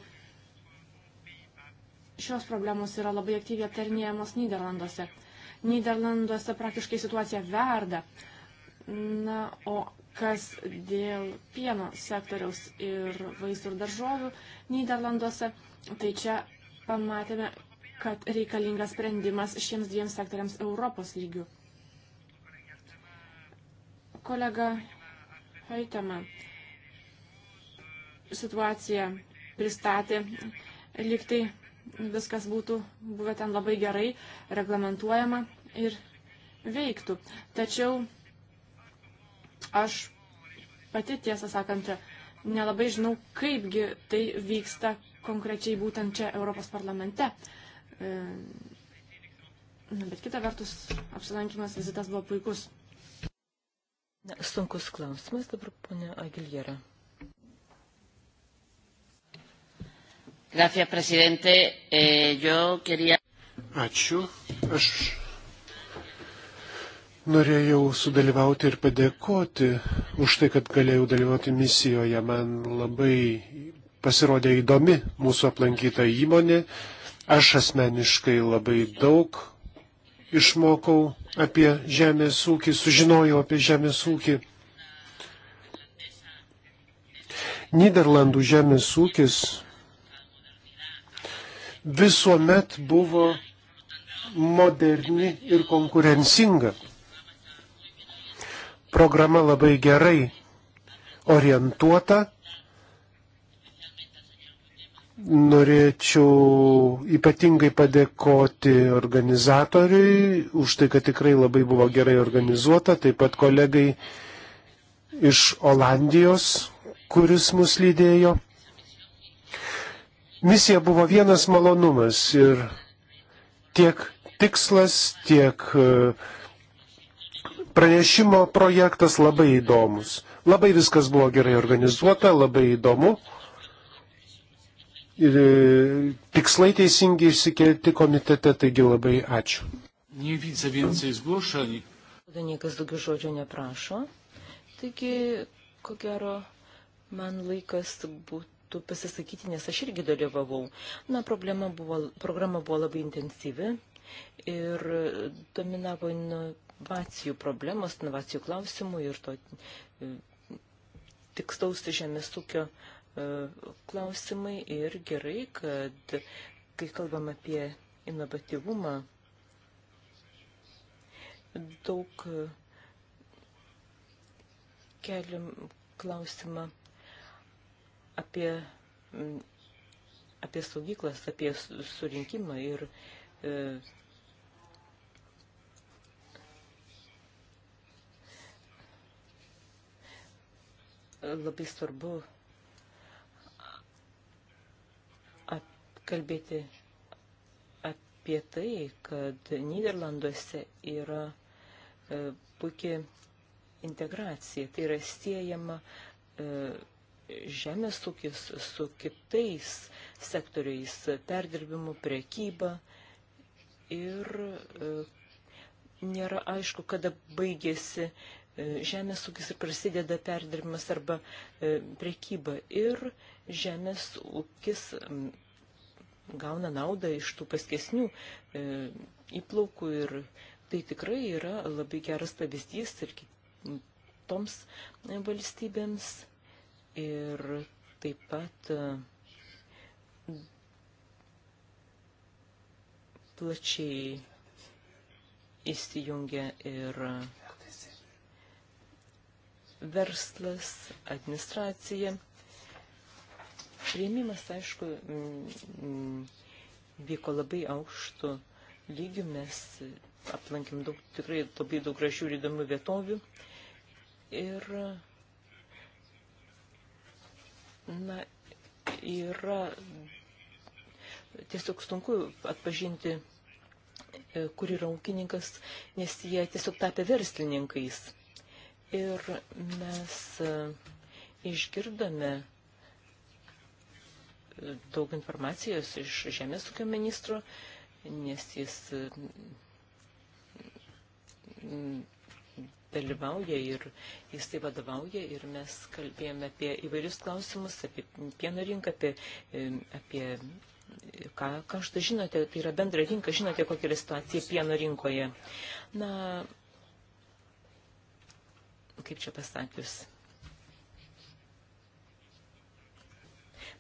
Šios problemos yra labai aktyviai aptarinėjamos Niderlanduose. Niderlanduose praktiškai situacija verda. Na, o kas dėl pieno sektoriaus ir vaisių ir daržovių Niderlanduose, tai čia pamatėme, kad reikalingas sprendimas šiems dviem sektoriams Europos lygių. Kolega Haitama situaciją pristatė liktai viskas būtų buvę ten labai gerai reglamentuojama ir veiktų. Tačiau aš pati tiesą sakant nelabai žinau, kaipgi tai vyksta konkrečiai būtent čia Europos parlamente. E, Na, nu, bet kita vertus, apsilankimas vizitas buvo puikus. Sunkus klausimas dabar, ponia Agiljera. Gracias, presidente. Eh, yo quería. Ačiū. Aš norėjau sudalyvauti ir padėkoti už tai, kad galėjau dalyvauti misijoje. Man labai pasirodė įdomi mūsų aplankyta įmonė. Aš asmeniškai labai daug išmokau apie žemės ūkį, sužinojau apie žemės ūkį. Niderlandų žemės ūkis visuomet buvo moderni ir konkurencinga. Programa labai gerai orientuota. Norėčiau ypatingai padėkoti organizatoriui už tai, kad tikrai labai buvo gerai organizuota, taip pat kolegai iš Olandijos, kuris mus lydėjo. Misija buvo vienas malonumas ir tiek tikslas, tiek e, pranešimo projektas labai įdomus. Labai viskas buvo gerai organizuota, labai įdomu. Ir e, tikslai teisingi išsikelti komitete, taigi labai ačiū. Niekas daugiau žodžio neprašo. Taigi, ko gero, man laikas būtų norėtų pasisakyti, nes aš irgi dalyvavau. Na, problema buvo, programa buvo labai intensyvi ir dominavo inovacijų problemos, inovacijų klausimų ir to e, tikstaus žemės ūkio e, klausimai ir gerai, kad kai kalbam apie inovatyvumą, daug e, keliam klausimą apie, apie saugyklas, apie surinkimą ir e, labai svarbu kalbėti apie tai, kad Niderlanduose yra e, puikia integracija, tai yra siejama e, žemės ūkis su kitais sektoriais - perdirbimu, prekyba ir e, nėra aišku, kada baigėsi e, žemės ūkis ir prasideda perdirbimas arba e, prekyba ir žemės ūkis gauna naudą iš tų paskesnių įplaukų ir tai tikrai yra labai geras pavyzdys ir kitoms valstybėms ir taip pat e, plačiai įsijungia ir verslas, administracija. Prieimimas, aišku, vyko labai aukštų lygių, mes aplankėm daug, tikrai labai daug gražių ir įdomių vietovių. Ir Na, yra tiesiog sunku atpažinti, e, kur yra ūkininkas, nes jie tiesiog tapė verslininkais. Ir mes e, išgirdome e, daug informacijos iš Žemės ūkio ministro, nes jis dalyvauja ir jis tai vadovauja ir mes kalbėjome apie įvairius klausimus, apie pieno rinką, apie, apie ką, ką štai žinote, tai yra bendra rinka, žinote, kokia yra situacija pieno rinkoje. Na, kaip čia pasakius,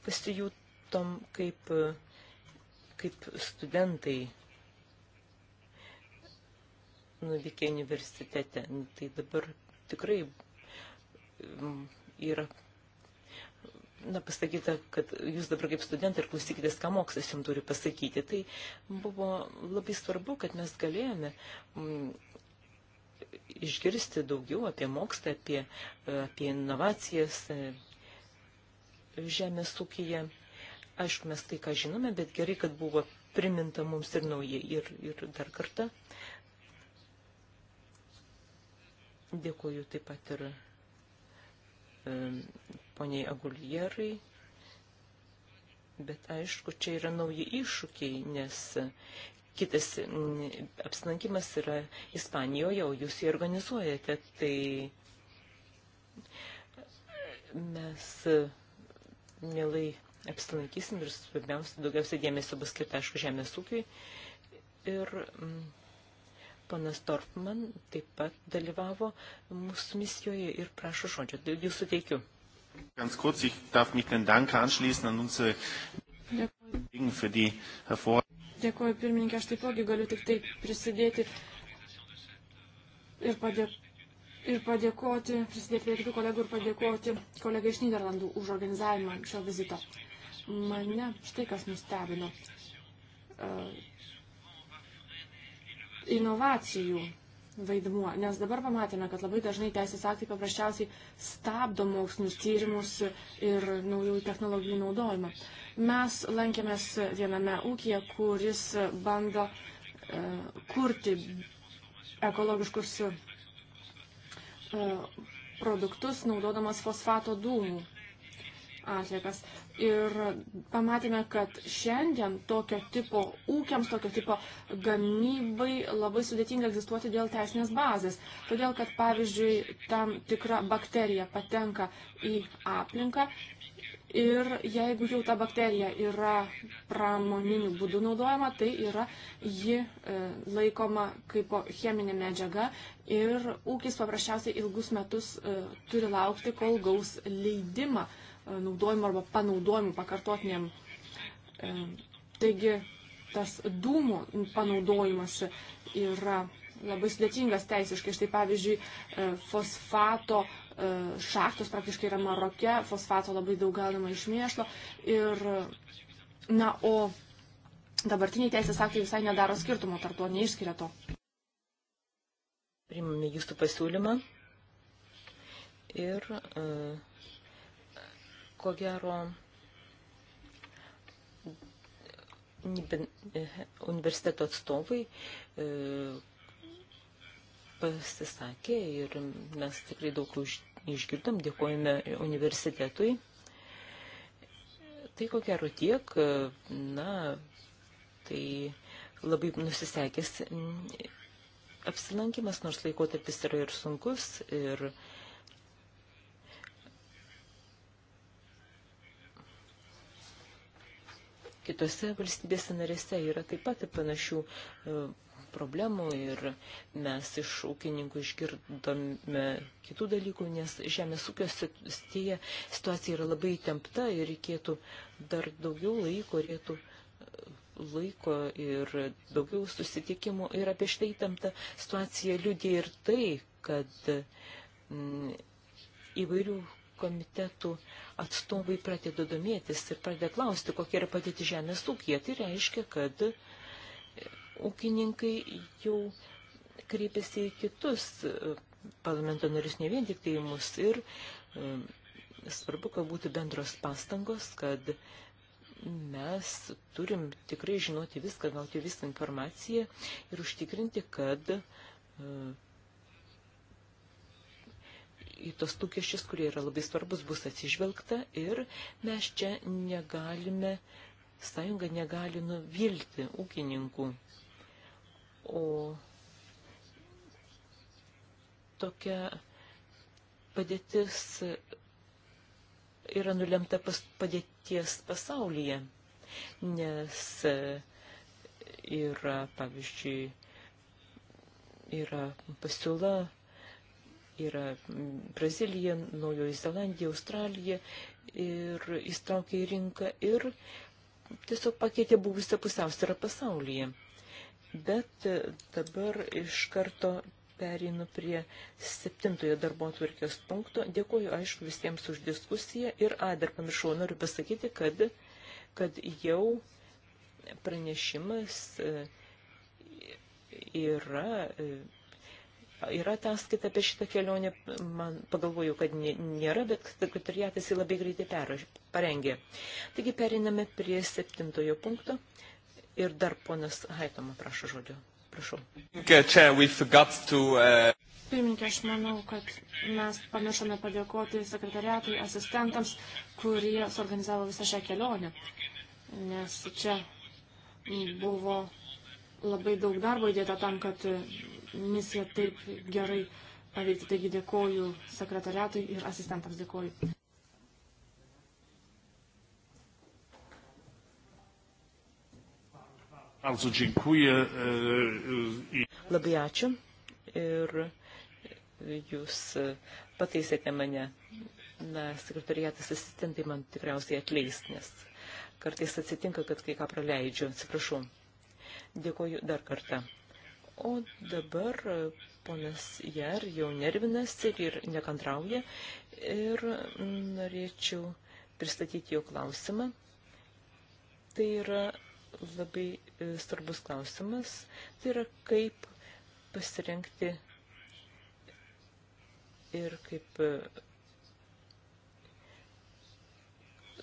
pasijutom kaip, kaip studentai nuvykę universitete. Nu, tai dabar tikrai mm, yra, na, pasakyta, kad jūs dabar kaip studentai ir klausykitės, ką mokslas jums turi pasakyti. Tai buvo labai svarbu, kad mes galėjome mm, išgirsti daugiau apie mokslą, apie, apie inovacijas e, žemės ūkyje. Aišku, mes tai ką žinome, bet gerai, kad buvo priminta mums ir naujai ir, ir dar kartą. Uh, Dėkuoju taip pat ir um, poniai Aguljerai. Bet aišku, čia yra nauji iššūkiai, nes kitas apsilankimas yra Ispanijoje, o jūs jį organizuojate. Tai mes mielai apsilankysim ir svarbiausia, daugiausia dėmesio bus skirta, aišku, žemės ūkiui. Ir mm, Panas Dorfman taip pat dalyvavo mūsų misijoje ir prašo žodžio. Jūsų teikiu. Ganz kurz, ich darf mich den Dank anschließen an unsere Kollegen für die hervor. Dėkuoju, pirmininkė, aš taipogi galiu tik taip prisidėti ir, padė, ir padėkoti, prisidėti prie kitų kolegų ir padėkoti kolegai iš Niderlandų už organizavimą šio vizito. Mane štai kas nustebino. Uh, inovacijų vaidmuo, nes dabar pamatėme, kad labai dažnai teisės aktai paprasčiausiai stabdo mokslinius tyrimus ir naujų technologijų naudojimą. Mes lankėmės viename ūkija, kuris bando e, kurti ekologiškus e, produktus naudodamas fosfato dūmų atliekas. Ir pamatėme, kad šiandien tokio tipo ūkiams, tokio tipo gamybai labai sudėtinga egzistuoti dėl teisinės bazės. Todėl, kad pavyzdžiui, tam tikra bakterija patenka į aplinką Ir jeigu jau ta bakterija yra pramoniniu būdu naudojama, tai yra ji e, laikoma kaip cheminė medžiaga ir ūkis paprasčiausiai ilgus metus e, turi laukti, kol gaus leidimą naudojimu arba panaudojimu pakartotiniam. E, taigi tas dūmų panaudojimas yra labai sudėtingas teisiškai. Štai pavyzdžiui, e, fosfato e, šachtos praktiškai yra Maroke, fosfato labai daug galima iš mėšlo. Ir, na, o dabartiniai teisės aktai visai nedaro skirtumo tarp to, neišskiria to. Priimame jūsų pasiūlymą ir uh, ko gero universiteto atstovai e, pasisakė ir mes tikrai daug išgirdom, dėkojame universitetui. Tai ko gero tiek, e, na, tai labai nusisekęs apsilankimas, nors laikotarpis yra ir sunkus, ir Kitose valstybėse narėse yra taip pat panašių e, problemų ir mes iš ūkininkų išgirdome kitų dalykų, nes žemės ūkio sitėje situacija yra labai tempta ir reikėtų dar daugiau laiko, reikėtų e, laiko ir daugiau susitikimų. Ir apie šitą įtemptą situaciją liūdė ir tai, kad m, mm, įvairių komitetų atstovai pradeda domėtis ir pradeda klausti, kokia yra padėti žemės ūkija. Tai reiškia, kad e, ūkininkai jau kreipiasi į kitus e, parlamento narius, ne vien tik tai mus. Ir e, svarbu, kad būtų bendros pastangos, kad mes turim tikrai žinoti viską, gauti visą informaciją ir užtikrinti, kad į tos lūkesčius, kurie yra labai svarbus, bus atsižvelgta ir mes čia negalime, sąjunga negali nuvilti ūkininkų. O tokia padėtis yra nulemta pas, padėties pasaulyje, nes yra, pavyzdžiui, yra pasiūla yra mm, Brazilija, Naujoji Zelandija, Australija ir įstraukė į rinką ir tiesiog pakeitė buvusią pusiausvyrą pasaulyje. Bet e, dabar iš karto perinu prie septintojo darbo atvarkės punkto. Dėkuoju, aišku, visiems už diskusiją ir, a, dar pamiršau, noriu pasakyti, kad, kad jau pranešimas e, yra e, Yra ataskaita apie šitą kelionę, man pagalvoju, kad nėra, bet sekretariatas jį labai greitai perraž, parengė. Taigi periname prie septintojo punkto ir dar ponas Haitoma prašo žodžio. Prašau. Uh, Pirmininkė, aš manau, kad mes pamiršome padėkoti sekretariatui, asistentams, kurie suorganizavo visą šią kelionę. Nes čia buvo labai daug darbo įdėta tam, kad misiją taip gerai paveikti. Taigi dėkoju sekretariatui ir asistentams dėkoju. Bardzo dziękuję. E, Labai ačiū ir jūs pataisėte mane. Na, sekretariatas asistentai man tikriausiai atleis, nes kartais atsitinka, kad kai ką praleidžiu. Atsiprašau. Dėkoju dar kartą. O dabar e, ponas Jar jau nervinas ir, ir nekantrauja ir norėčiau pristatyti jo klausimą. Tai yra labai e, svarbus klausimas. Tai yra kaip pasirinkti ir kaip e,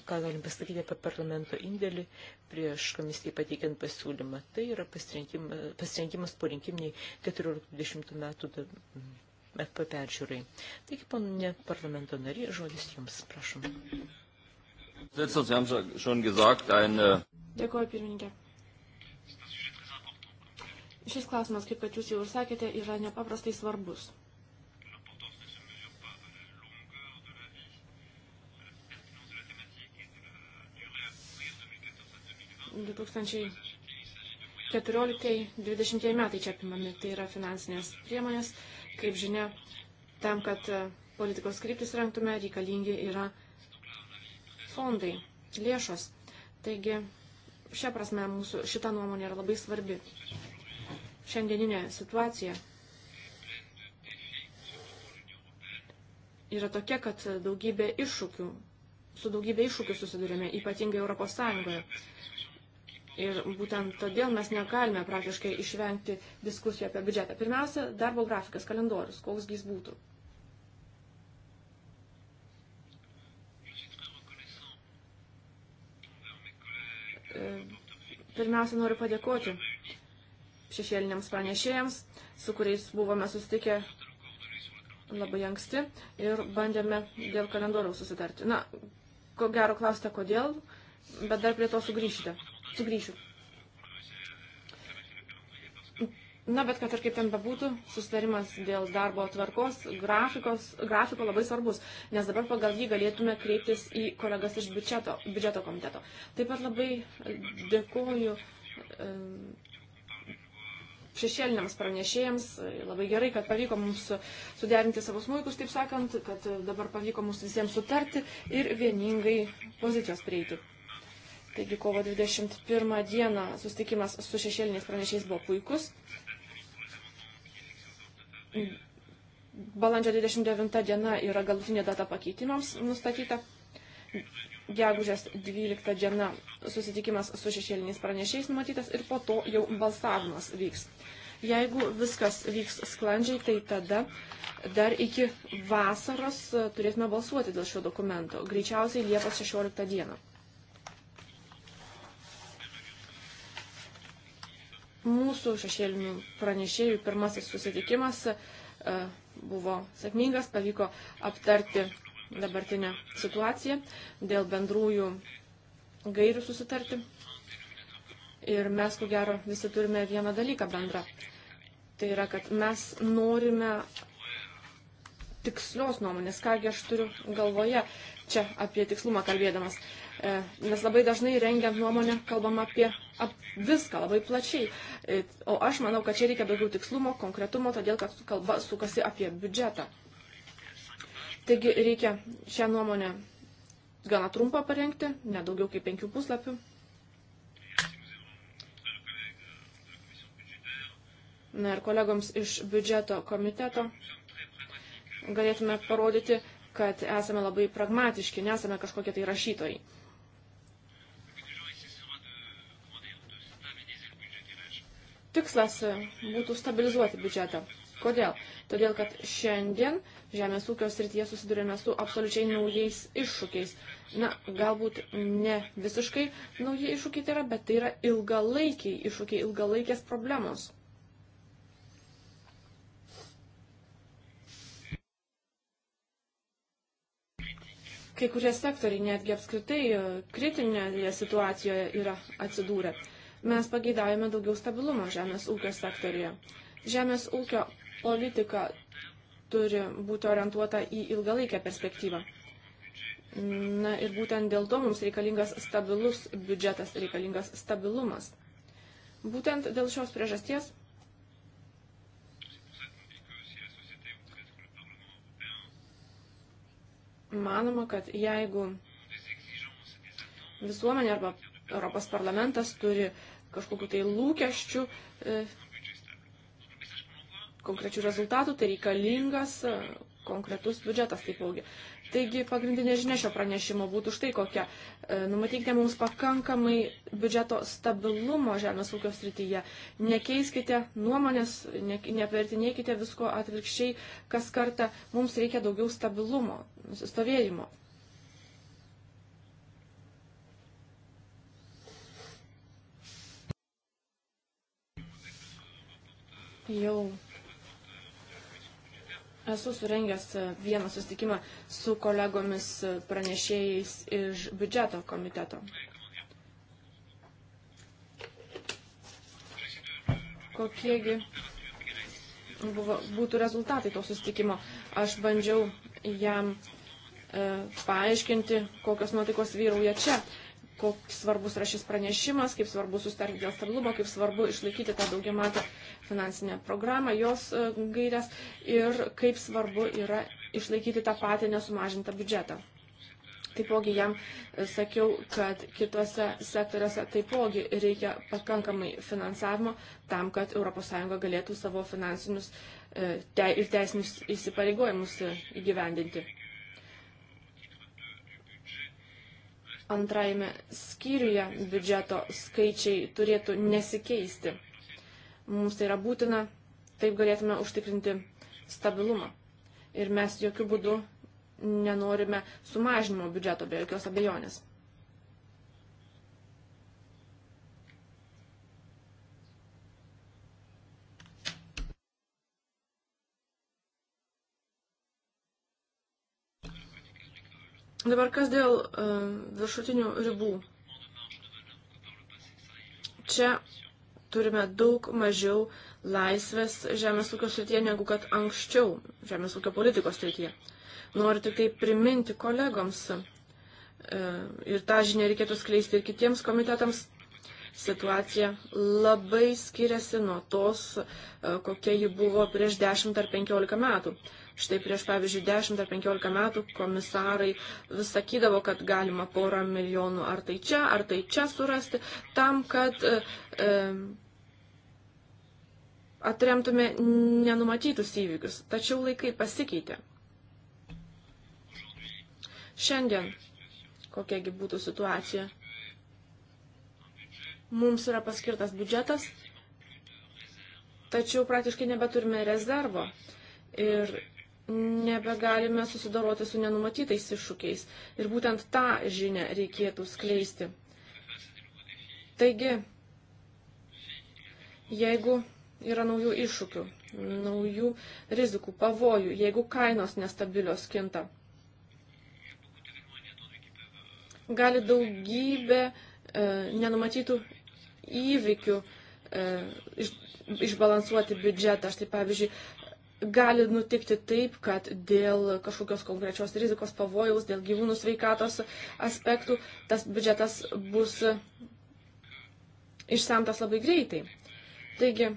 ką galim pasakyti apie parlamento indėlį prieš komisiją pateikiant pasiūlymą. Tai yra pasirinkimas po rinkiminiai 14-20 metų FP peržiūrai. Taigi, ponė parlamento narė, žodis jums, prašom. Äh, Dėkuoju, pirmininkė. Šis klausimas, kaip kad jūs jau ir sakėte, yra nepaprastai svarbus. 2014-2020 metai čia apimami, tai yra finansinės priemonės. Kaip žinia, tam, kad e, politikos kryptis rengtume, reikalingi yra fondai, lėšos. Taigi, šią prasme, mūsų šita nuomonė yra labai svarbi. Šiandieninė situacija yra tokia, kad daugybė iššūkių, su daugybė iššūkių susidurėme, ypatingai Europos Sąjungoje. Ir būtent todėl mes negalime praktiškai išvengti diskusijų apie biudžetą. Pirmiausia, darbo grafikas, kalendorius, koksgi jis būtų. E, pirmiausia, noriu padėkoti šešėliniams pranešėjams, su kuriais buvome susitikę labai anksti ir bandėme dėl kalendoriaus susitarti. Na, ko gero klausite, kodėl, bet dar prie to sugrįžite. Sugrįšiu. Na, bet kad ir kaip ten bebūtų, sustarimas dėl darbo tvarkos, grafikos, grafiko labai svarbus, nes dabar pagal jį galėtume kreiptis į kolegas iš biudžeto, biudžeto komiteto. Taip pat labai dėkoju šešėliniams pranešėjams, labai gerai, kad pavyko mums suderinti savo smūgius, taip sakant, kad dabar pavyko mums visiems sutarti ir vieningai pozicijos prieiti. Taigi kovo 21 dieną sustikimas su šešėliniais pranešiais buvo puikus. Balandžio 29 diena yra galutinė data pakeitimams nustatyta. Gegužės 12 diena susitikimas su šešėliniais pranešiais numatytas ir po to jau balsavimas vyks. Jeigu viskas vyks sklandžiai, tai tada dar iki vasaros turėtume balsuoti dėl šio dokumento. Greičiausiai Liepos 16 dieną. Mūsų šešėlinių pranešėjų pirmasis susitikimas e, buvo sėkmingas, pavyko aptarti dabartinę situaciją, dėl bendrųjų gairių susitarti. Ir mes, ko gero, visi turime vieną dalyką bendrą. Tai yra, kad mes norime tikslios nuomonės, kągi aš turiu galvoje čia apie tikslumą kalbėdamas. E, nes labai dažnai rengiant nuomonę kalbam apie ap, viską labai plačiai. E, o aš manau, kad čia reikia daugiau tikslumo, konkretumo, todėl kad kalba sukasi apie biudžetą. Taigi reikia šią nuomonę gana trumpą parengti, nedaugiau kaip penkių puslapių. Na ir kolegoms iš biudžeto komiteto galėtume parodyti, kad esame labai pragmatiški, nesame kažkokie tai rašytojai. tikslas e, būtų stabilizuoti biudžetą. Kodėl? Todėl, kad šiandien žemės ūkio srityje susidurėme su absoliučiai naujais iššūkiais. Na, galbūt ne visiškai nauji iššūkiai tai yra, bet tai yra ilgalaikiai iššūkiai, ilgalaikės problemos. Kai kurie sektoriai netgi apskritai e, kritinėje situacijoje yra atsidūrę. Mes pageidavome daugiau stabilumo žemės ūkio sektorija. Žemės ūkio politika turi būti orientuota į ilgalaikę perspektyvą. Na ir būtent dėl to mums reikalingas stabilus biudžetas, reikalingas stabilumas. Būtent dėl šios priežasties. Manoma, kad jeigu visuomenė arba Europos parlamentas turi uh, kažkokiu tai lūkesčiu e, konkrečių rezultatų, tai reikalingas e, konkretus biudžetas taipogi. Taigi pagrindinė žinia šio pranešimo būtų štai kokia. E, numatykite mums pakankamai biudžeto stabilumo žemės ūkio srityje. Nekeiskite nuomonės, ne, nepertinėkite visko atvirkščiai, kas kartą mums reikia daugiau stabilumo, nusistovėjimo. Jau esu surengęs vieną susitikimą su kolegomis pranešėjais iš biudžeto komiteto. Kokiegi buvo, būtų rezultatai to susitikimo. Aš bandžiau jam e, paaiškinti, kokios nuotaikos vyrauja čia. E, koks svarbus yra šis pranešimas, kaip svarbu sustarti dėl stabilumo, kaip svarbu išlaikyti tą daugiamatę finansinę programą, jos e, gairias ir kaip svarbu yra išlaikyti tą patį nesumažintą biudžetą. Taipogi jam e, sakiau, kad kitose sektoriuose taipogi reikia pakankamai finansavimo tam, kad ES galėtų savo finansinius e, ir teisinius įsipareigojimus įgyvendinti. antrajame skyriuje biudžeto skaičiai turėtų nesikeisti. Mums tai yra būtina, taip galėtume užtikrinti stabilumą. Ir mes jokių būdų nenorime sumažinimo biudžeto be jokios abejonės. Dabar kas dėl uh, viršutinių ribų? Čia turime daug mažiau laisvės žemės ūkio srityje negu kad anksčiau žemės ūkio politikos srityje. Noriu tik tai priminti kolegoms uh, ir tą žinią reikėtų skleisti ir kitiems komitetams. Situacija labai skiriasi nuo tos, uh, kokia ji buvo prieš 10 ar 15 metų. Uh, Štai prieš, pavyzdžiui, 10 ar 15 metų komisarai vis sakydavo, kad galima porą milijonų ar tai čia, ar tai čia surasti, tam, kad e, e, atremtume nenumatytus įvykius. Tačiau laikai pasikeitė. Šiandien, kokiagi būtų situacija, mums yra paskirtas biudžetas, tačiau praktiškai nebeturime rezervo. Ir nebegalime susidoroti su nenumatytais iššūkiais. Ir būtent tą žinę reikėtų skleisti. Taigi, jeigu yra naujų iššūkių, naujų rizikų, pavojų, jeigu kainos nestabilios kinta, gali daugybė e, nenumatytų įvykių e, iš, išbalansuoti biudžetą. Štai pavyzdžiui, gali nutikti taip, kad dėl kažkokios konkrečios rizikos pavojaus, dėl gyvūnų sveikatos aspektų, tas biudžetas bus išsemtas labai greitai. Taigi,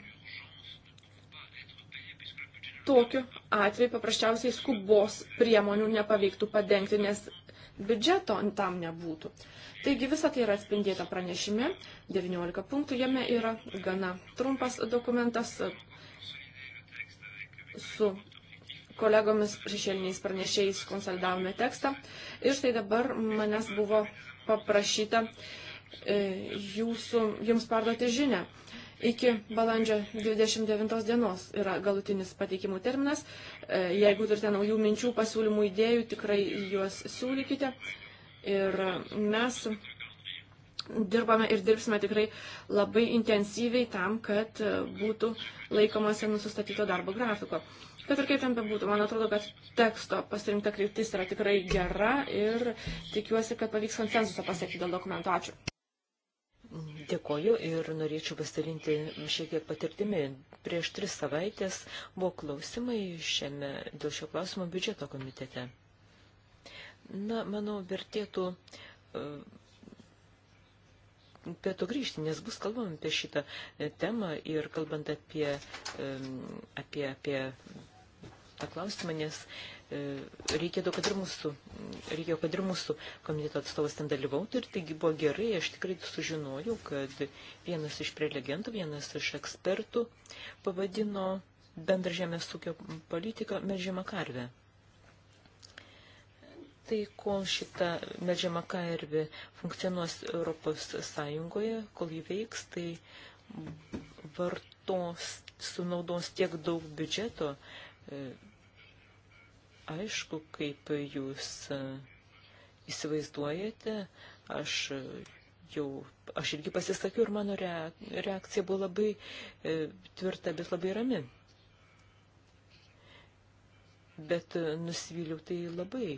tokiu atveju paprasčiausiai skubos priemonių nepavyktų padengti, nes biudžeto tam nebūtų. Taigi visa tai yra atspindėta pranešime, 19 punktų jame yra gana trumpas dokumentas, su kolegomis šešėliniais pranešėjais konsolidavome tekstą. Ir štai dabar manęs buvo paprašyta e, jūsų, jums perduoti žinę. Iki balandžio 29 dienos yra galutinis pateikimų terminas. E, jeigu turite naujų minčių, pasiūlymų, idėjų, tikrai juos siūlykite. Ir mes dirbame ir dirbsime tikrai labai intensyviai tam, kad e, būtų laikomasi nusistatyto darbo grafiko. Kad ir kaip ten bebūtų, man atrodo, kad teksto pasirinkta kryptis yra tikrai gera ir tikiuosi, kad pavyks konsensusą pasiekti dėl dokumento. Ačiū. Dėkoju ir norėčiau pasidalinti šiek tiek patirtimi. Prieš tris savaitės buvo klausimai šiame, dėl šio klausimo biudžeto komitete. Na, manau, vertėtų uh, prie to grįžti, nes bus kalbama apie šitą e, temą ir kalbant apie, apie, apie tą klausimą, nes e, reikėtų, kad ir mūsų, reikėjo, kad ir mūsų komiteto atstovas ten dalyvautų ir taigi buvo gerai, aš tikrai sužinojau, kad vienas iš prelegentų, vienas iš ekspertų pavadino bendrą žemės ūkio politiką medžiamą karvę tai, kol šita medžiama karvė funkcionuos Europos Sąjungoje, kol jį veiks, tai vartos sunaudos tiek daug biudžeto. E, aišku, kaip jūs e, įsivaizduojate, aš jau, aš irgi pasisakiau ir mano reakcija buvo labai e, tvirta, bet labai rami. Bet nusivyliau tai labai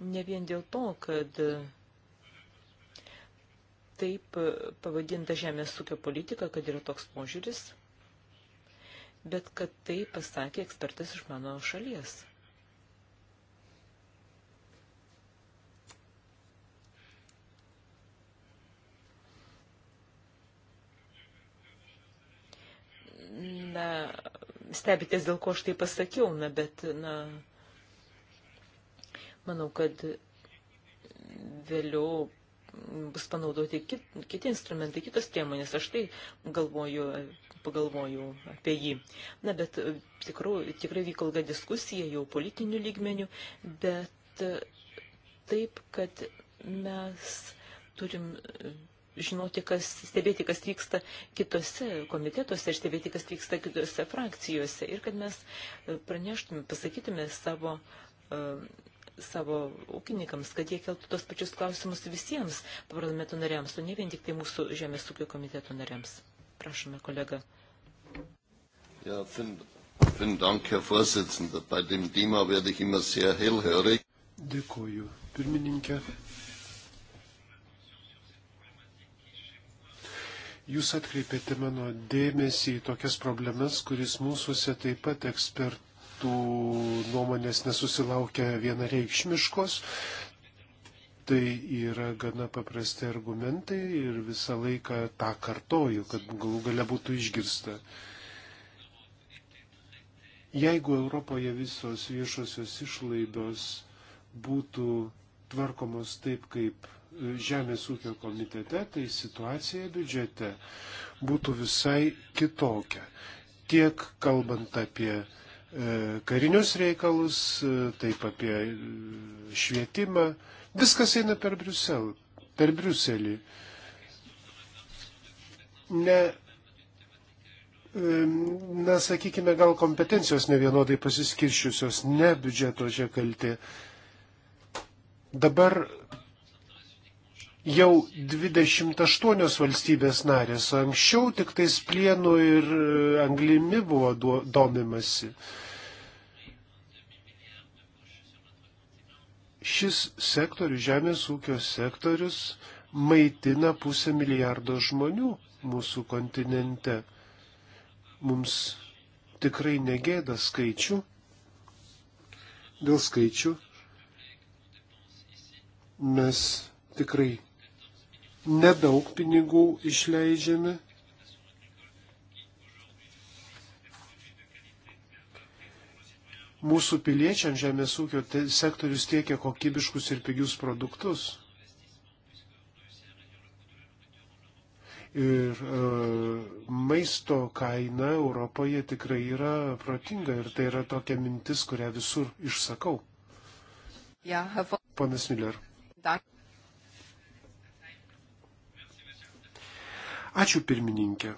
ne vien dėl to, kad taip pavadinta žemės ūkio politika, kad yra toks požiūris, bet kad tai pasakė ekspertas iš mano šalies. Na, stebitės, dėl ko aš tai pasakiau, na, bet, na, Manau, kad vėliau bus panaudoti kit, kiti instrumentai, kitos priemonės. Aš tai galvoju, pagalvoju apie jį. Na, bet e, tikrai, tikrai vyko ilga diskusija jau politinių lygmenių, bet e, taip, kad mes turim e, žinoti, kas, stebėti, kas vyksta kitose komitetuose ir stebėti, kas vyksta kitose frakcijose. Ir kad mes praneštume, pasakytume savo uh, savo ūkininkams, kad jie keltų tos pačius klausimus visiems parlamento nariams, o ne vien tik tai mūsų Žemės ūkio komiteto nariams. Prašome, kolega. Ja, vielen, vielen Dank, Herr Vorsitzender. Bei dem Thema werde ich immer sehr hellhörig. Dėkuoju, pirmininkė. Jūs atkreipėte mano dėmesį į tokias problemas, kuris mūsųse taip pat ekspert, ekspertų nuomonės nesusilaukia vienareikšmiškos. Tai yra gana paprasti argumentai ir visą laiką tą kartoju, kad galų gale būtų išgirsta. Jeigu Europoje visos viešosios išlaidos būtų tvarkomos taip, kaip e, Žemės ūkio komitete, tai situacija biudžete būtų visai kitokia. Tiek kalbant apie E, karinius reikalus, e, taip apie švietimą. Viskas eina per, Briusel, per Briuselį. Ne e, na, sakykime, gal kompetencijos nevienodai pasiskirščiusios, ne biudžeto čia kalti. Dabar jau 28 valstybės narės, o anksčiau tik tais plienu ir e, anglimi buvo domimasi. Šis sektorius, žemės ūkio sektorius, maitina pusę milijardo žmonių mūsų kontinente. Mums tikrai negėda skaičių. Dėl skaičių mes tikrai nedaug pinigų išleidžiame. Mūsų piliečiam žemės ūkio sektorius tiekia kokybiškus ir pigius produktus. Ir e, maisto kaina Europoje tikrai yra protinga ir tai yra tokia mintis, kurią visur išsakau. Ponas Miller. Ačiū pirmininkė.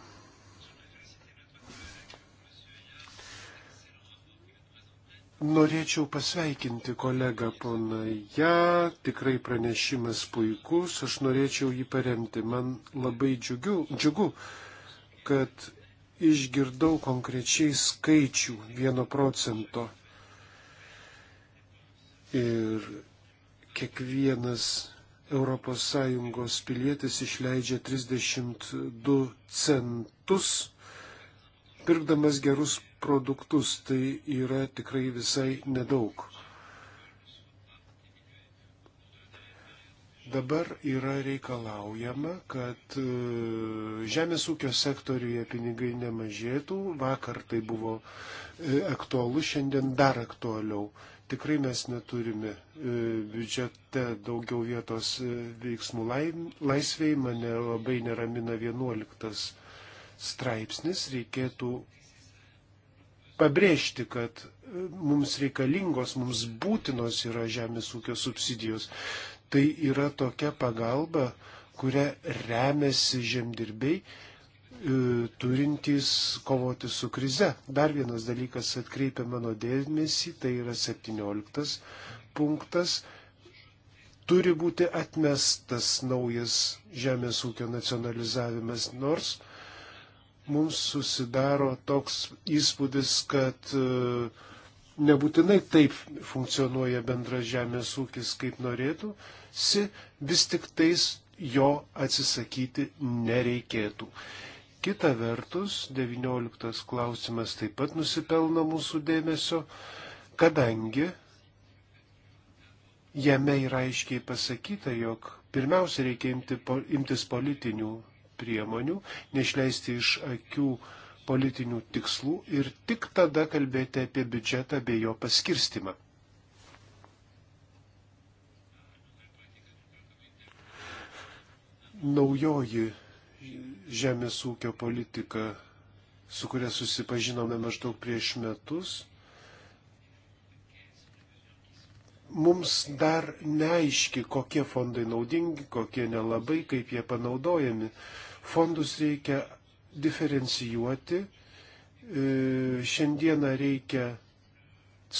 Norėčiau pasveikinti kolegą poną Ja, tikrai pranešimas puikus, aš norėčiau jį paremti. Man labai džiugiu, džiugu, kad išgirdau konkrečiai skaičių vieno procento. Ir kiekvienas ES pilietis išleidžia 32 centus, pirkdamas gerus produktus. Tai yra tikrai visai nedaug. Dabar yra reikalaujama, kad e, žemės ūkio sektoriuje pinigai nemažėtų. Vakar tai buvo e, aktualu, šiandien dar aktualiau tikrai mes neturime e, biudžete daugiau vietos e, veiksmų laisviai. Mane labai neramina 11 straipsnis. Reikėtų pabrėžti, kad e, mums reikalingos, mums būtinos yra žemės ūkio subsidijos. Tai yra tokia pagalba, kuria remiasi žemdirbiai E, turintys kovoti su krize. Dar vienas dalykas atkreipia mano dėmesį, tai yra 17 punktas. Turi būti atmestas naujas žemės ūkio nacionalizavimas, nors mums susidaro toks įspūdis, kad e, nebūtinai taip funkcionuoja bendras žemės ūkis, kaip norėtų, si vis tik tais jo atsisakyti nereikėtų. Kita vertus, devynioliktas klausimas taip pat nusipelno mūsų dėmesio, kadangi jame yra aiškiai pasakyta, jog pirmiausia reikia imti, po, imtis politinių priemonių, neišleisti iš akių politinių tikslų ir tik tada kalbėti apie biudžetą bei jo paskirstimą. Naujoji žemės ūkio politika, su kuria susipažinome maždaug prieš metus, mums dar neaiški, kokie fondai naudingi, kokie nelabai, kaip jie panaudojami. Fondus reikia diferencijuoti. E, šiandieną reikia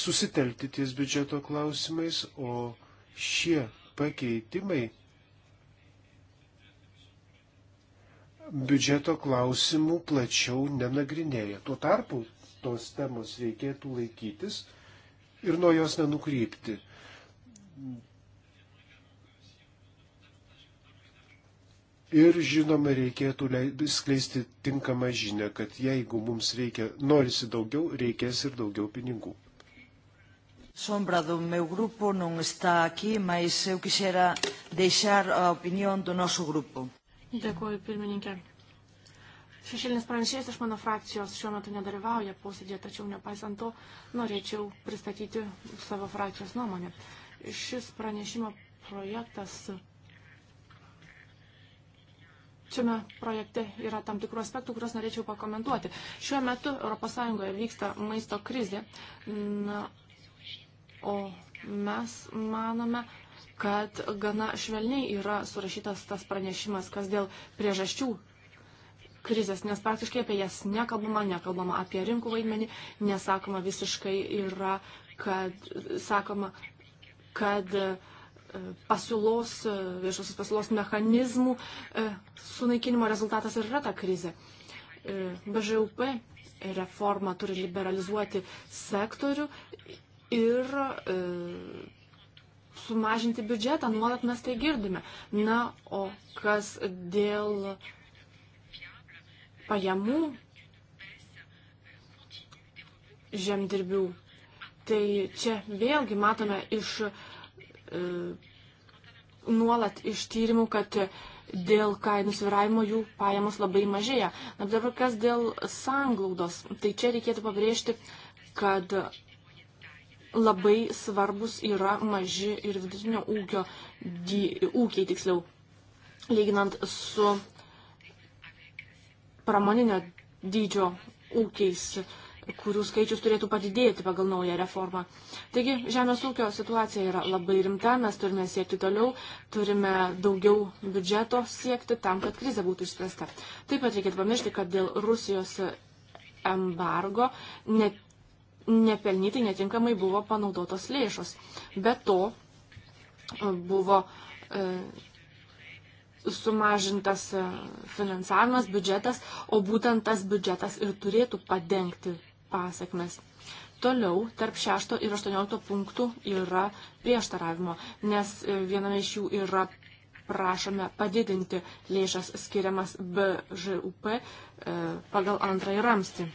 susitelkti ties biudžeto klausimais, o šie pakeitimai biudžeto klausimų plačiau nenagrinėja. Tuo tarpu tos temos reikėtų laikytis ir nuo jos nenukrypti. Ir žinoma, reikėtų skleisti tinkamą žinę, kad jeigu mums reikia, norisi daugiau, reikės ir daugiau pinigų. Sombra do meu grupo non está aquí, mas eu quixera deixar a opinión do noso grupo. Dėkuoju, pirmininkė. Šešėlinis pranešėjas iš mano frakcijos šiuo metu nedalyvauja posėdėje, tačiau nepaisant to norėčiau pristatyti savo frakcijos nuomonę. Šis pranešimo projektas. Šiame projekte yra tam tikrų aspektų, kuriuos norėčiau pakomentuoti. Šiuo metu ES vyksta maisto krizė, na, o mes manome, kad gana švelniai yra surašytas tas pranešimas, kas dėl priežasčių krizės, nes praktiškai apie jas nekalbama, nekalbama apie rinkų vaidmenį, nesakoma visiškai yra, kad sakoma, kad e, pasiūlos, e, viešosios pasiūlos mechanizmų e, sunaikinimo rezultatas ir yra ta krizė. BŽUP reforma turi liberalizuoti sektorių ir sumažinti biudžetą, nuolat mes tai girdime. Na, o kas dėl pajamų žemdirbių, tai čia vėlgi matome iš e, nuolat iš tyrimų, kad dėl kainų sviravimo jų pajamos labai mažėja. Na dabar kas dėl sanglaudos, tai čia reikėtų pabrėžti, kad labai svarbus yra maži ir vidutinio ūkio ūkiai, tiksliau, lyginant su pramoninio dydžio ūkiais, kurių skaičius turėtų padidėti pagal naują reformą. Taigi, žemės ūkio situacija yra labai rimta, mes turime siekti toliau, turime daugiau biudžeto siekti tam, kad krize būtų išspręsta. Taip pat reikėtų pamiršti, kad dėl Rusijos embargo ne nepelnytai netinkamai buvo panaudotos lėšos. Be to e, buvo e, sumažintas e, finansavimas, biudžetas, o būtent tas biudžetas ir turėtų padengti pasiekmes. Toliau tarp 6 ir 18 punktų yra prieštaravimo, nes viename iš jų yra prašome padidinti lėšas skiriamas BŽUP pagal antrąjį ramstį.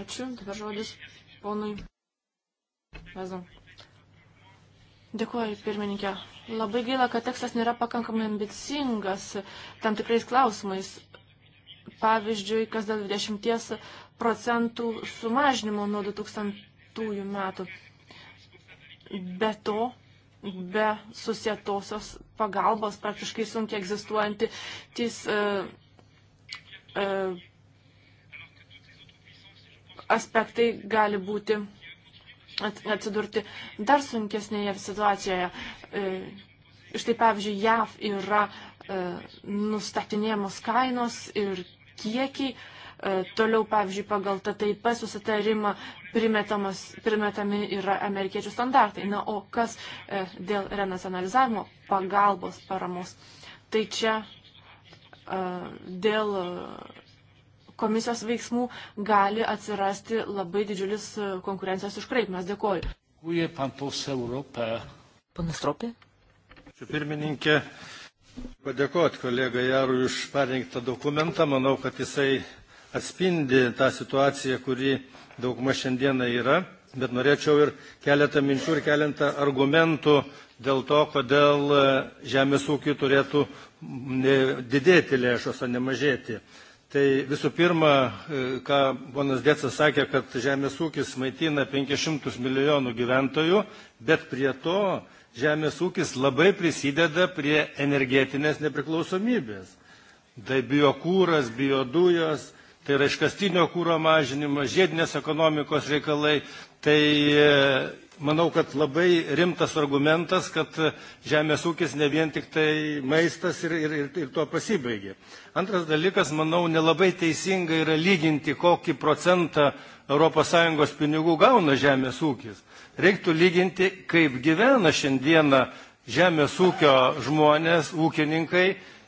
Ačiū. Dabar žodis ponui. Vezam. Dėkuoju, pirmininkė. Labai gaila, kad tekstas nėra pakankamai ambicingas tam tikrais klausimais. Pavyzdžiui, kas dėl 20 procentų sumažinimo nuo 2000 metų. Be to, be susietosios pagalbos praktiškai sunkiai egzistuojanti tys, e, e, aspektai gali būti atsidurti dar sunkesnėje situacijoje. E, štai pavyzdžiui, JAV yra e, nustatinėjamos kainos ir kiekiai. E, toliau, pavyzdžiui, pagal TTIP susitarimą primetami yra amerikiečių standartai. Na, o kas dėl renacionalizavimo pagalbos paramos? Tai čia dėl komisijos veiksmų gali atsirasti labai didžiulis e, konkurencijos iškraipimas. Dėkoju. Panas Ropė. Pirmininkė, padėkoti kolegai Jarui už parinktą dokumentą. Manau, kad jisai atspindi tą situaciją, kuri dauguma šiandieną yra. Bet norėčiau ir keletą minčių ir keletą argumentų dėl to, kodėl e, žemės ūkiui turėtų didėti lėšos, o ne mažėti. Tai visų pirma, e, ką ponas Dėcas sakė, kad žemės ūkis maitina 500 milijonų gyventojų, bet prie to žemės ūkis labai prisideda prie energetinės nepriklausomybės. Tai biokūras, biodujos, tai yra iškastinio kūro mažinimas, žiedinės ekonomikos reikalai, tai e, manau, kad labai rimtas argumentas, kad žemės ūkis ne vien tik tai maistas ir, ir, ir, ir tuo pasibaigė. Antras dalykas, manau, nelabai teisinga yra lyginti, kokį procentą ES pinigų gauna žemės ūkis. Reiktų lyginti, kaip gyvena šiandieną žemės ūkio žmonės, ūkininkai,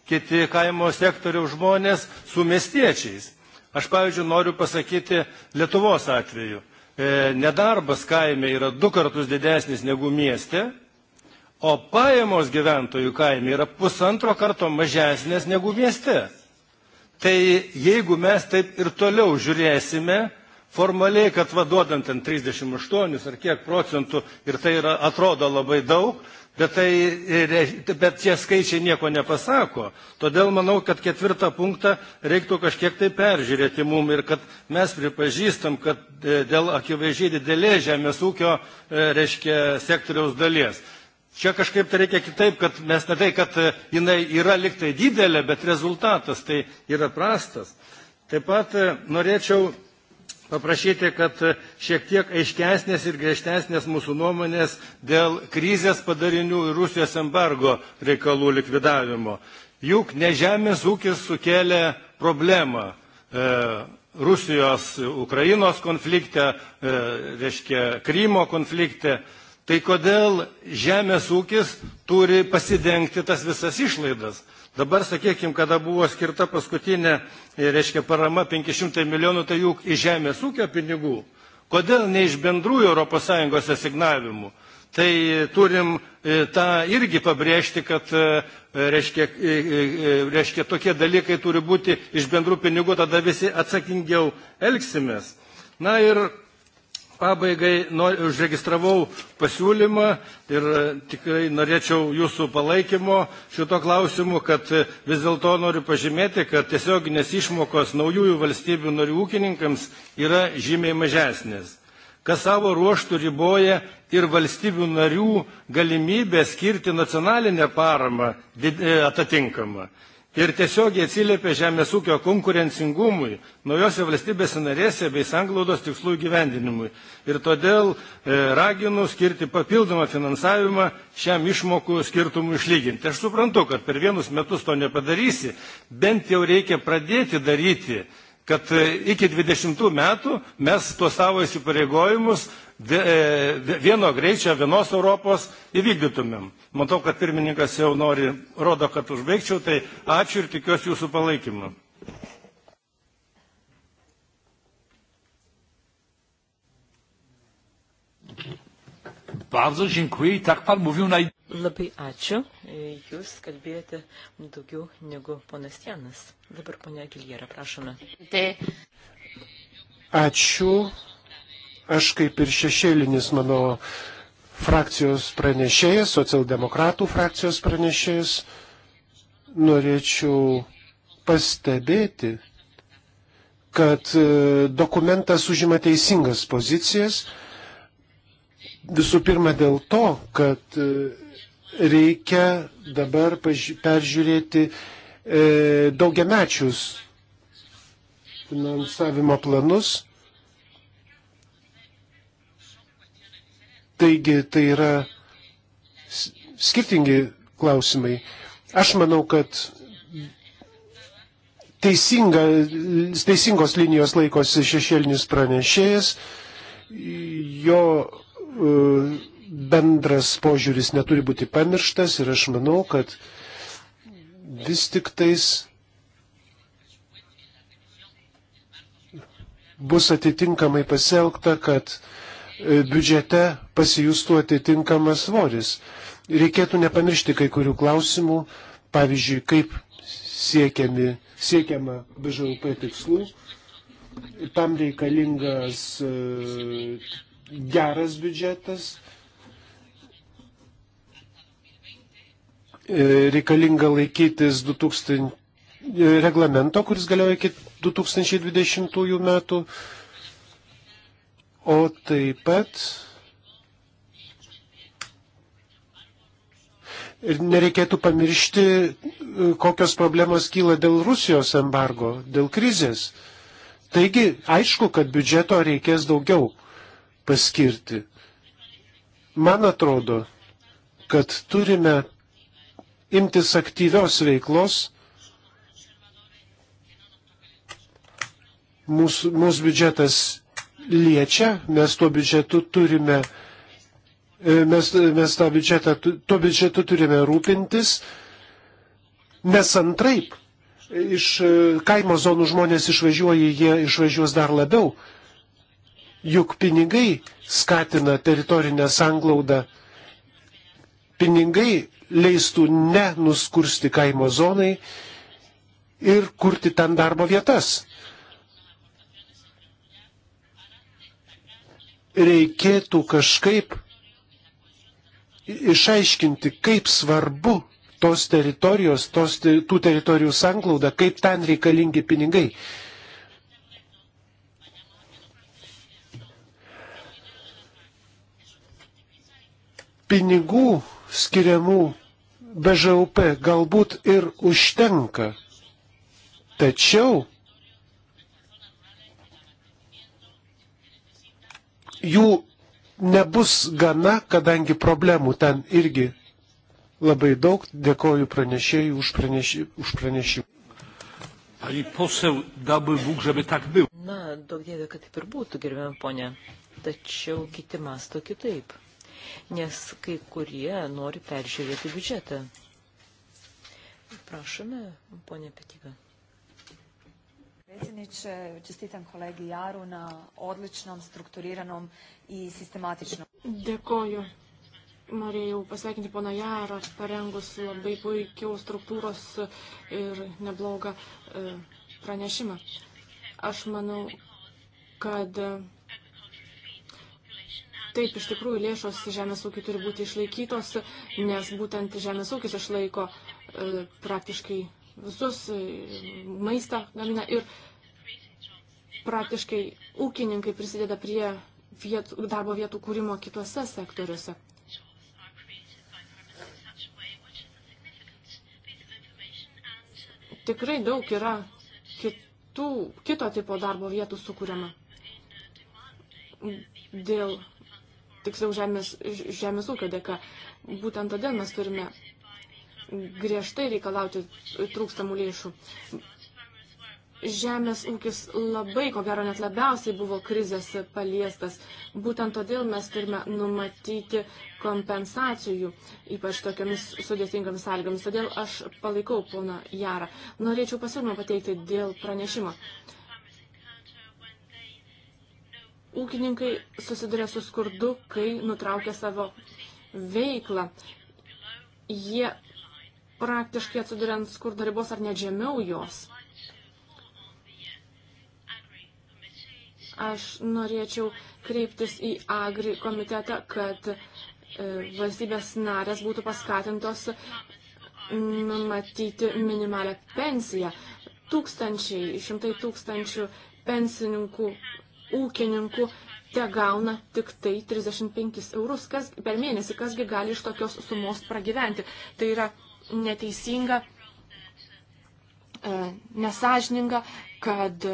kiti kaimo sektoriaus žmonės su miestiečiais. Aš, pavyzdžiui, noriu pasakyti Lietuvos atveju E, nedarbas kaime yra du kartus didesnis negu mieste, o pajamos gyventojų kaime yra pusantro karto mažesnės negu mieste. Tai jeigu mes taip ir toliau žiūrėsime, formaliai, kad vaduodant ten 38 ar kiek procentų, ir tai yra, atrodo labai daug, Bet, tai, e, bet tie skaičiai nieko nepasako. Todėl manau, kad ketvirtą punktą reiktų kažkiek tai peržiūrėti mum ir kad mes pripažįstam, kad e, dėl akivaizdžiai didelės žemės ūkio e, reiškia sektoriaus dalies. Čia kažkaip tai reikia kitaip, kad mes ne tai, kad jinai yra liktai didelė, bet rezultatas tai yra prastas. Taip pat norėčiau paprašyti, kad e, šiek tiek aiškesnės ir griežtesnės mūsų nuomonės dėl krizės padarinių ir Rusijos embargo reikalų likvidavimo. Juk ne žemės ūkis sukėlė problemą. E, Rusijos, Ukrainos konflikte, e, reiškia Krymo konflikte. Tai kodėl žemės ūkis turi pasidengti tas visas išlaidas? Dabar, sakykime, kada buvo skirta paskutinė, e, reiškia, parama 500 milijonų, tai juk iš žemės ūkio pinigų. Kodėl ne iš bendrųjų ES asignavimų? Tai turim e, tą irgi pabrėžti, kad e, reiškia, reiškia, tokie dalykai turi būti iš bendrų pinigų, tada visi atsakingiau elgsimės. Na ir pabaigai užregistravau pasiūlymą ir e, tikrai norėčiau jūsų palaikymo šito klausimu, kad e, vis dėlto noriu pažymėti, kad tiesioginės išmokos naujųjų valstybių narių ūkininkams yra žymiai mažesnės kas savo ruoštų riboja ir valstybių narių galimybę skirti nacionalinę paramą e, atatinkamą ir tiesiogiai atsiliepia žemės ūkio konkurencingumui naujose valstybėse narėse bei sanglaudos tikslų įgyvendinimui. Ir todėl e, raginu skirti papildomą finansavimą šiam išmokų skirtumui išlyginti. Aš suprantu, kad per vienus metus to nepadarysi, bent jau reikia pradėti daryti kad e, iki 20 metų mes tuos savo įsipareigojimus E, vieno greičio, vienos Europos įvykdytumėm. Matau, kad pirmininkas jau nori, rodo, kad užbaigčiau, tai ačiū ir tikiuosi jūsų palaikymą. Bardzo dziękuję i tak pan mówił naj... Labai ačiū. Jūs kalbėjote daugiau negu ponas Janas. Dabar ponia Giliera, prašome. Ačiū aš kaip ir šešėlinis mano frakcijos pranešėjas, socialdemokratų frakcijos pranešėjas, norėčiau pastebėti, kad e, dokumentas užima teisingas pozicijas. Visų pirma dėl to, kad e, reikia dabar peržiūrėti e, daugiamečius finansavimo planus Taigi tai yra skirtingi klausimai. Aš manau, kad teisinga, teisingos linijos laikosi šešėlinis pranešėjas, jo e, bendras požiūris neturi būti pamirštas ir aš manau, kad vis tik tais bus atitinkamai pasielgta, kad e, biudžete pasijustų atitinkamas svoris. Reikėtų nepamiršti kai kurių klausimų, pavyzdžiui, kaip siekiami, siekiama BŽUP tikslų, tam reikalingas e, geras biudžetas, e, reikalinga laikytis 2000, e, reglamento, kuris galioja iki 2020 metų, o taip pat Ir nereikėtų pamiršti, e, kokios problemos kyla dėl Rusijos embargo, dėl krizės. Taigi, aišku, kad biudžeto reikės daugiau paskirti. Man atrodo, kad turime imtis aktyvios veiklos. Mūsų, mūsų biudžetas liečia, mes tuo biudžetu turime uh, E, mes, mes tą biudžetą, tuo biudžetu turime rūpintis, nes antraip iš e, kaimo zonų žmonės išvažiuoja, jie išvažiuos dar labiau. Juk pinigai skatina teritorinę sanglaudą. Pinigai leistų nenuskursti kaimo zonai ir kurti ten darbo vietas. Reikėtų kažkaip išaiškinti, kaip svarbu tos teritorijos, tos, tų teritorijų sanglauda, kaip ten reikalingi pinigai. Pinigų skiriamų BŽUP galbūt ir užtenka, tačiau jų nebus gana, kadangi problemų ten irgi labai daug. Dėkoju pranešėjai už, pranešį, už pranešimą. Pani poseł, dałby Bóg, żeby tak było. Na, daug dievė, kad taip ir būtų, gerbiam ponė. Tačiau kiti masto kitaip. Nes kai kurie nori peržiūrėti biudžetą. Prašome, ponė Petybė predsjedniče. Čestitam kolegi Jaru na odličnom, struktūriranom į sistematičnom. Dėkoju. Norėjau pasveikinti poną Jarą, parengus labai puikių struktūros ir neblogą e, pranešimą. Aš manau, kad e, taip iš tikrųjų lėšos žemės ūkiai turi būti išlaikytos, nes būtent žemės ūkis išlaiko e, praktiškai visus e, maistą gamina ir praktiškai ūkininkai prisideda prie vietų, darbo vietų kūrimo kitose sektoriuose. Tikrai daug yra kitų, kito tipo darbo vietų sukūriama. Dėl, tiksliau, žemės, žemės ūkio dėka. Būtent todėl mes turime griežtai reikalauti trūkstamų lėšų. Žemės ūkis labai, ko gero, net labiausiai buvo krizės paliestas. Būtent todėl mes turime numatyti kompensacijų, ypač tokiamis sudėtingomis sąlygomis. Todėl aš palaikau poną Jarą. Norėčiau pasiūlymą pateikti dėl pranešimo ūkininkai susiduria su skurdu, kai nutraukia savo veiklą. Jie praktiškai atsiduriant skurdo ribos ar net žemiau jos. Aš norėčiau kreiptis į Agri komitetą, kad e, valstybės narės būtų paskatintos numatyti minimalę pensiją. Tūkstančiai, šimtai tūkstančių pensininkų, ūkininkų te gauna tik tai 35 eurus kas, per mėnesį, kasgi gali iš tokios sumos pragyventi. Tai yra neteisinga, e, nesažininga, kad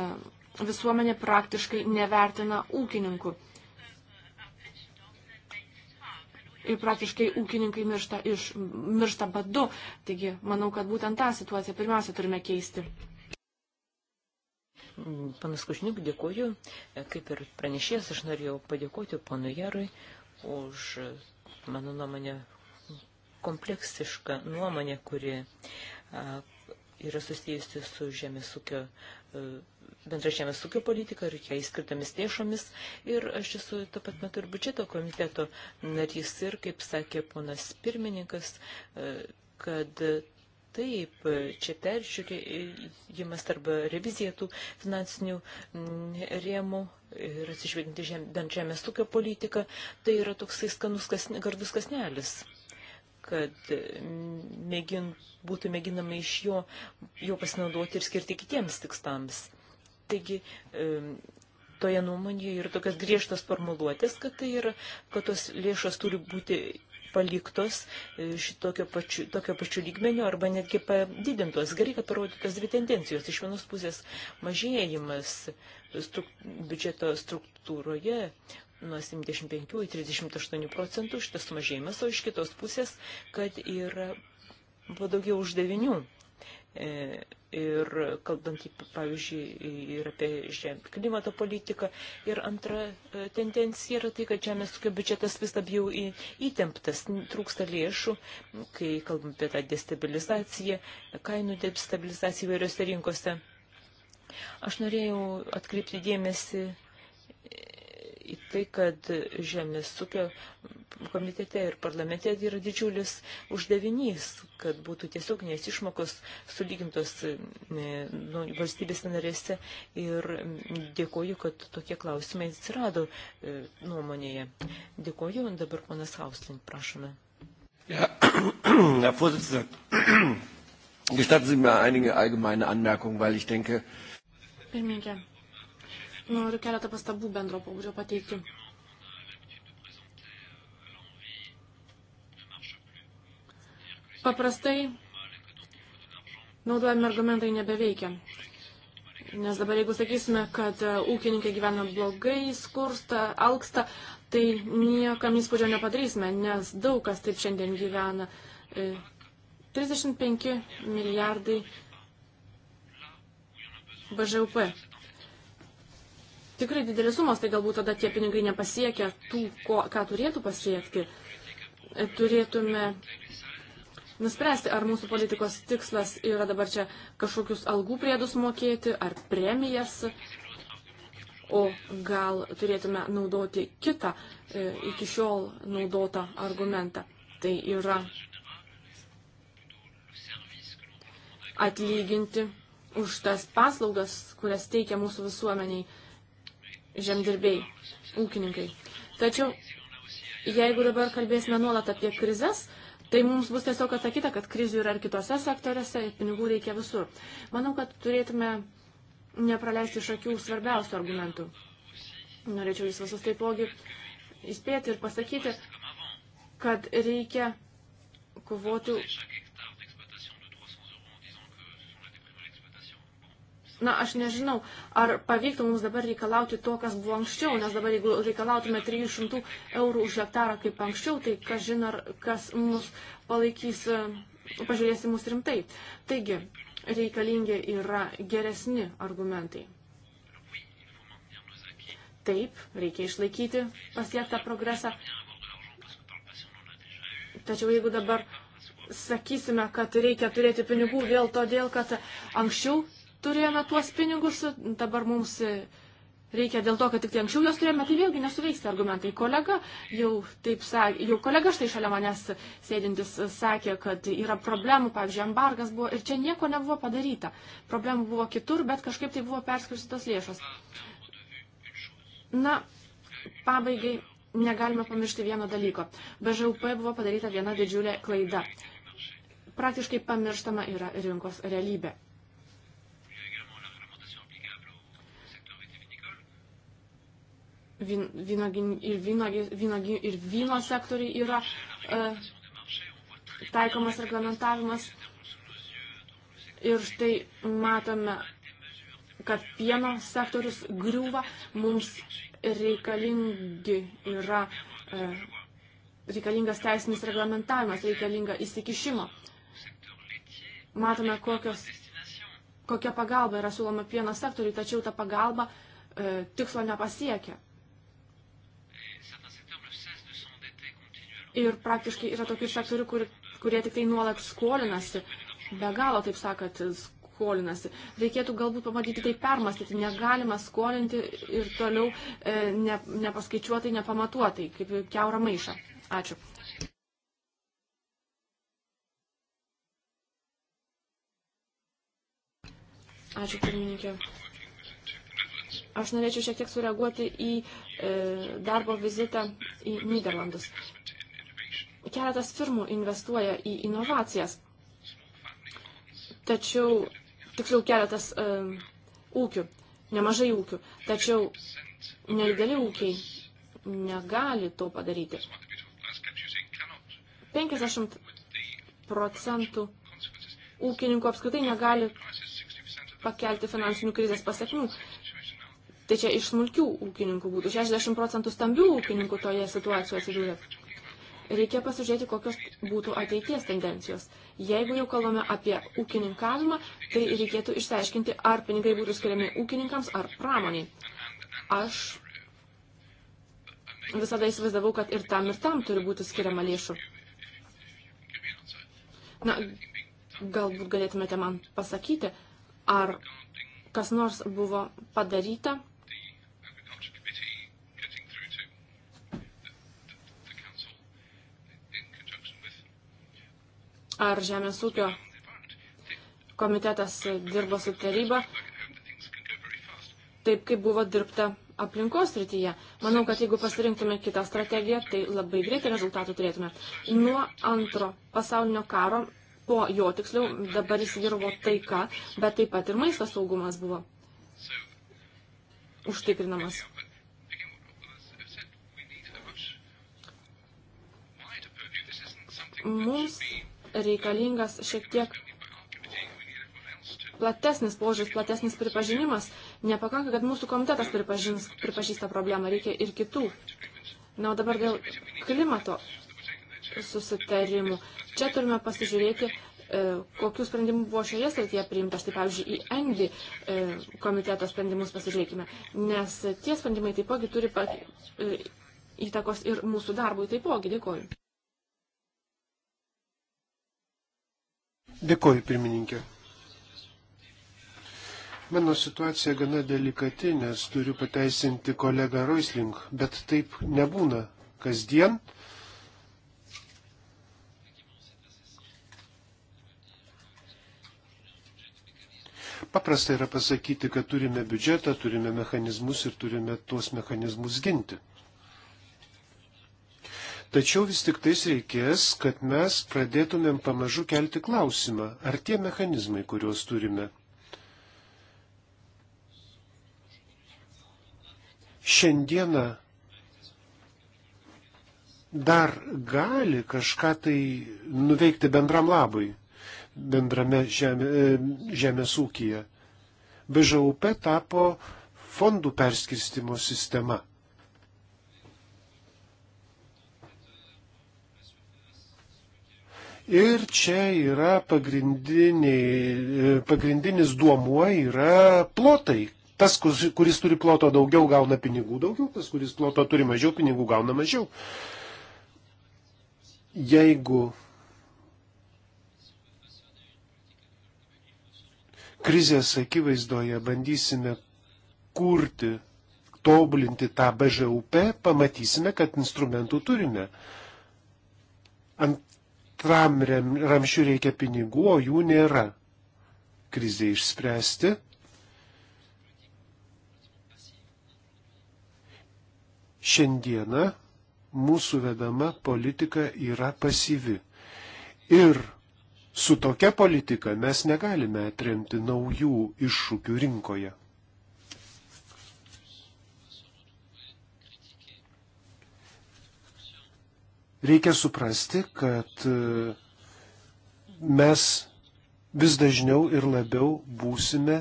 visuomenė praktiškai nevertina ūkininkų. Ir praktiškai ūkininkai miršta, iš, miršta badu. Taigi, manau, kad būtent tą situaciją pirmiausia turime keisti. Panas Kužniuk, dėkuoju. Kaip ir pranešėjas, aš norėjau padėkoti ponu Jarui už, mano nuomonė, kompleksiška nuomonė, kuri yra susijusi su žemės ūkio e, bendra žemės ūkio politika ir jai skirtomis lėšomis. Ir aš esu tuo pat metu ir biudžeto komiteto narys ir, kaip sakė ponas pirmininkas, e, kad taip, čia peržiūrėjimas arba revizija tų finansinių rėmų ir atsižvelginti žem, bent žemės ūkio politiką, tai yra toksai skanus kas, gardus kasnelis kad mėgin, būtų mėginama iš jo, jo pasinaudoti ir skirti kitiems tikslams. Taigi, toje nuomonėje yra tokias griežtas formuluotės, kad, tai yra, kad tos lėšos turi būti paliktos e, šitokio pačiu, tokio pačiu lygmenio arba netgi padidintos. Gerai, kad parodytos dvi tendencijos. Iš vienos pusės mažėjimas struk, biudžeto struktūroje, nuo 75 į 38 procentų šitas sumažėjimas, o iš kitos pusės, kad yra buvo daugiau uždavinių. E, ir kalbant, pavyzdžiui, ir apie klimato politiką. Ir antra e, tendencija yra tai, kad žemės ūkio biudžetas vis labiau įtemptas, trūksta lėšų, kai kalbam apie tą destabilizaciją, kainų destabilizaciją įvairiose rinkose. Aš norėjau atkreipti dėmesį į tai, kad Žemės ūkio komitete ir parlamente yra didžiulis uždavinys, kad būtų tiesioginės išmokos sulygintos e, nu, valstybės narėse ir dėkoju, kad tokie klausimai atsirado e, nuomonėje. Dėkoju, dabar ponas Hauslin, prašome. Ja, Herr Vorsitzender, gestatten Sie mir einige allgemeine Anmerkungen, weil ich denke, Pirmininkė, Noriu keletą pastabų bendro pobūdžio pateikti. Paprastai naudojami argumentai nebeveikia. Nes dabar jeigu sakysime, kad e, ūkininkai gyvena blogai, skursta, alksta, tai niekam įspūdžio nepadarysime, nes daug kas taip šiandien gyvena. 35 e, milijardai BŽUP tikrai didelis sumas, tai galbūt tada tie pinigai nepasiekia tų, ko, ką turėtų pasiekti. E, turėtume nuspręsti, ar mūsų politikos tikslas yra dabar čia kažkokius algų priedus mokėti, ar premijas, o gal turėtume naudoti kitą e, iki šiol naudotą argumentą. Tai yra atlyginti už tas paslaugas, kurias teikia mūsų visuomeniai žemdirbiai, ūkininkai. Tačiau jeigu dabar kalbėsime nuolat apie krizės, tai mums bus tiesiog atsakyta, kad krizių yra ir kitose sektoriuose, ir pinigų reikia visur. Manau, kad turėtume nepraleisti iš akių svarbiausių argumentų. Norėčiau jūs visus taipogi įspėti ir pasakyti, kad reikia kovoti Na, aš nežinau, ar pavyktų mums dabar reikalauti to, kas buvo anksčiau, nes dabar jeigu reikalautume 300 eurų už hektarą kaip anksčiau, tai kas žino, ar kas mus palaikys, e, pažiūrėsi mus rimtai. Taigi, reikalingi yra geresni argumentai. Taip, reikia išlaikyti pasiektą progresą. Tačiau jeigu dabar sakysime, kad reikia turėti pinigų vėl todėl, kad anksčiau turėjome tuos pinigus, dabar mums reikia dėl to, kad tik tai anksčiau jos turėjome, tai vėlgi nesuveiks argumentai. Kolega jau taip sakė, jau kolega štai šalia manęs sėdintis sakė, kad yra problemų, pavyzdžiui, embargas buvo ir čia nieko nebuvo padaryta. Problemų buvo kitur, bet kažkaip tai buvo perskirstytos lėšos. Na, pabaigai negalime pamiršti vieno dalyko. BŽUP buvo padaryta viena didžiulė klaida. Praktiškai pamirštama yra rinkos realybė. vin, vinogin, ir, vynogin, vynogin, ir vyno sektoriai yra e, taikomas reglamentavimas. Ir štai matome, kad pieno sektorius griūva, mums reikalingi yra. E, reikalingas teisinis reglamentavimas, reikalinga įsikišimo. Matome, kokios, kokia pagalba yra siūloma pieno sektoriui, tačiau ta pagalba e, tikslo nepasiekia. Ir praktiškai yra tokių sektorių, kur, kurie tik tai nuolat skolinasi, be galo, taip sakant, skolinasi. Reikėtų galbūt pamatyti tai permastyti, negalima skolinti ir toliau e, ne, nepaskaičiuotai, nepamatuotai, kaip keura maišą. Ačiū. Ačiū, pirmininkė. Aš norėčiau šiek tiek sureaguoti į e, darbo vizitą į Niderlandus. Keletas firmų investuoja į inovacijas. Tačiau, tiksliau, keletas e, ūkių, nemažai ūkių. Tačiau nedideli ūkiai negali to padaryti. 50 procentų ūkininkų apskritai negali pakelti finansinių krizės pasiekmių. Tai čia iš smulkių ūkininkų būtų. 60 procentų stambių ūkininkų toje situacijoje atsidūrė reikia pasižiūrėti, kokios būtų ateities tendencijos. Jeigu jau kalbame apie ūkininkavimą, tai reikėtų išsiaiškinti, ar pinigai būtų skiriami ūkininkams ar pramoniai. Aš visada įsivaizdavau, kad ir tam, ir tam turi būti skiriama lėšų. Na, galbūt galėtumėte man pasakyti, ar kas nors buvo padaryta ar Žemės ūkio komitetas dirbo su taryba taip, kaip buvo dirbta aplinkos rytyje. Manau, kad jeigu pasirinktume kitą strategiją, tai labai greitai rezultatų turėtume. Nuo antro pasaulinio karo, po jo tiksliau, dabar įsivyravo taika, bet taip pat ir maisto saugumas buvo užtikrinamas. Mums reikalingas šiek tiek platesnis požiūris, platesnis pripažinimas. Nepakanka, kad mūsų komitetas pripažįsta problemą, reikia ir kitų. Na, o dabar dėl klimato susitarimų. Čia turime pasižiūrėti, e, kokius sprendimus buvo šioje srityje priimta. Štai, pavyzdžiui, į ENDI e, komiteto sprendimus pasižiūrėkime, nes tie sprendimai taipogi turi pa, e, įtakos ir mūsų darbui taipogi. Dėkoju. Dėkoju, pirmininkė. Mano situacija gana delikati, nes turiu pateisinti kolegą Roisling, bet taip nebūna kasdien. Paprasta yra pasakyti, kad turime biudžetą, turime mechanizmus ir turime tuos mechanizmus ginti. Tačiau vis tik tais reikės, kad mes pradėtumėm pamažu kelti klausimą, ar tie mechanizmai, kuriuos turime, šiandieną dar gali kažką tai nuveikti bendram labui, bendrame žemė, e, žemės ūkyje. BŽUP tapo fondų perskirstimo sistema. Ir čia yra e, pagrindinis duomuo, yra plotai. Tas, kuris turi ploto daugiau, gauna pinigų daugiau, tas, kuris ploto turi mažiau, pinigų gauna mažiau. Jeigu krizės akivaizdoje bandysime kurti, tobulinti tą BŽUP, pamatysime, kad instrumentų turime. Ant antram ramšių reikia pinigų, o jų nėra krizė išspręsti. Šiandieną mūsų vedama politika yra pasyvi. Ir su tokia politika mes negalime atremti naujų iššūkių rinkoje. Reikia suprasti, kad e, mes vis dažniau ir labiau būsime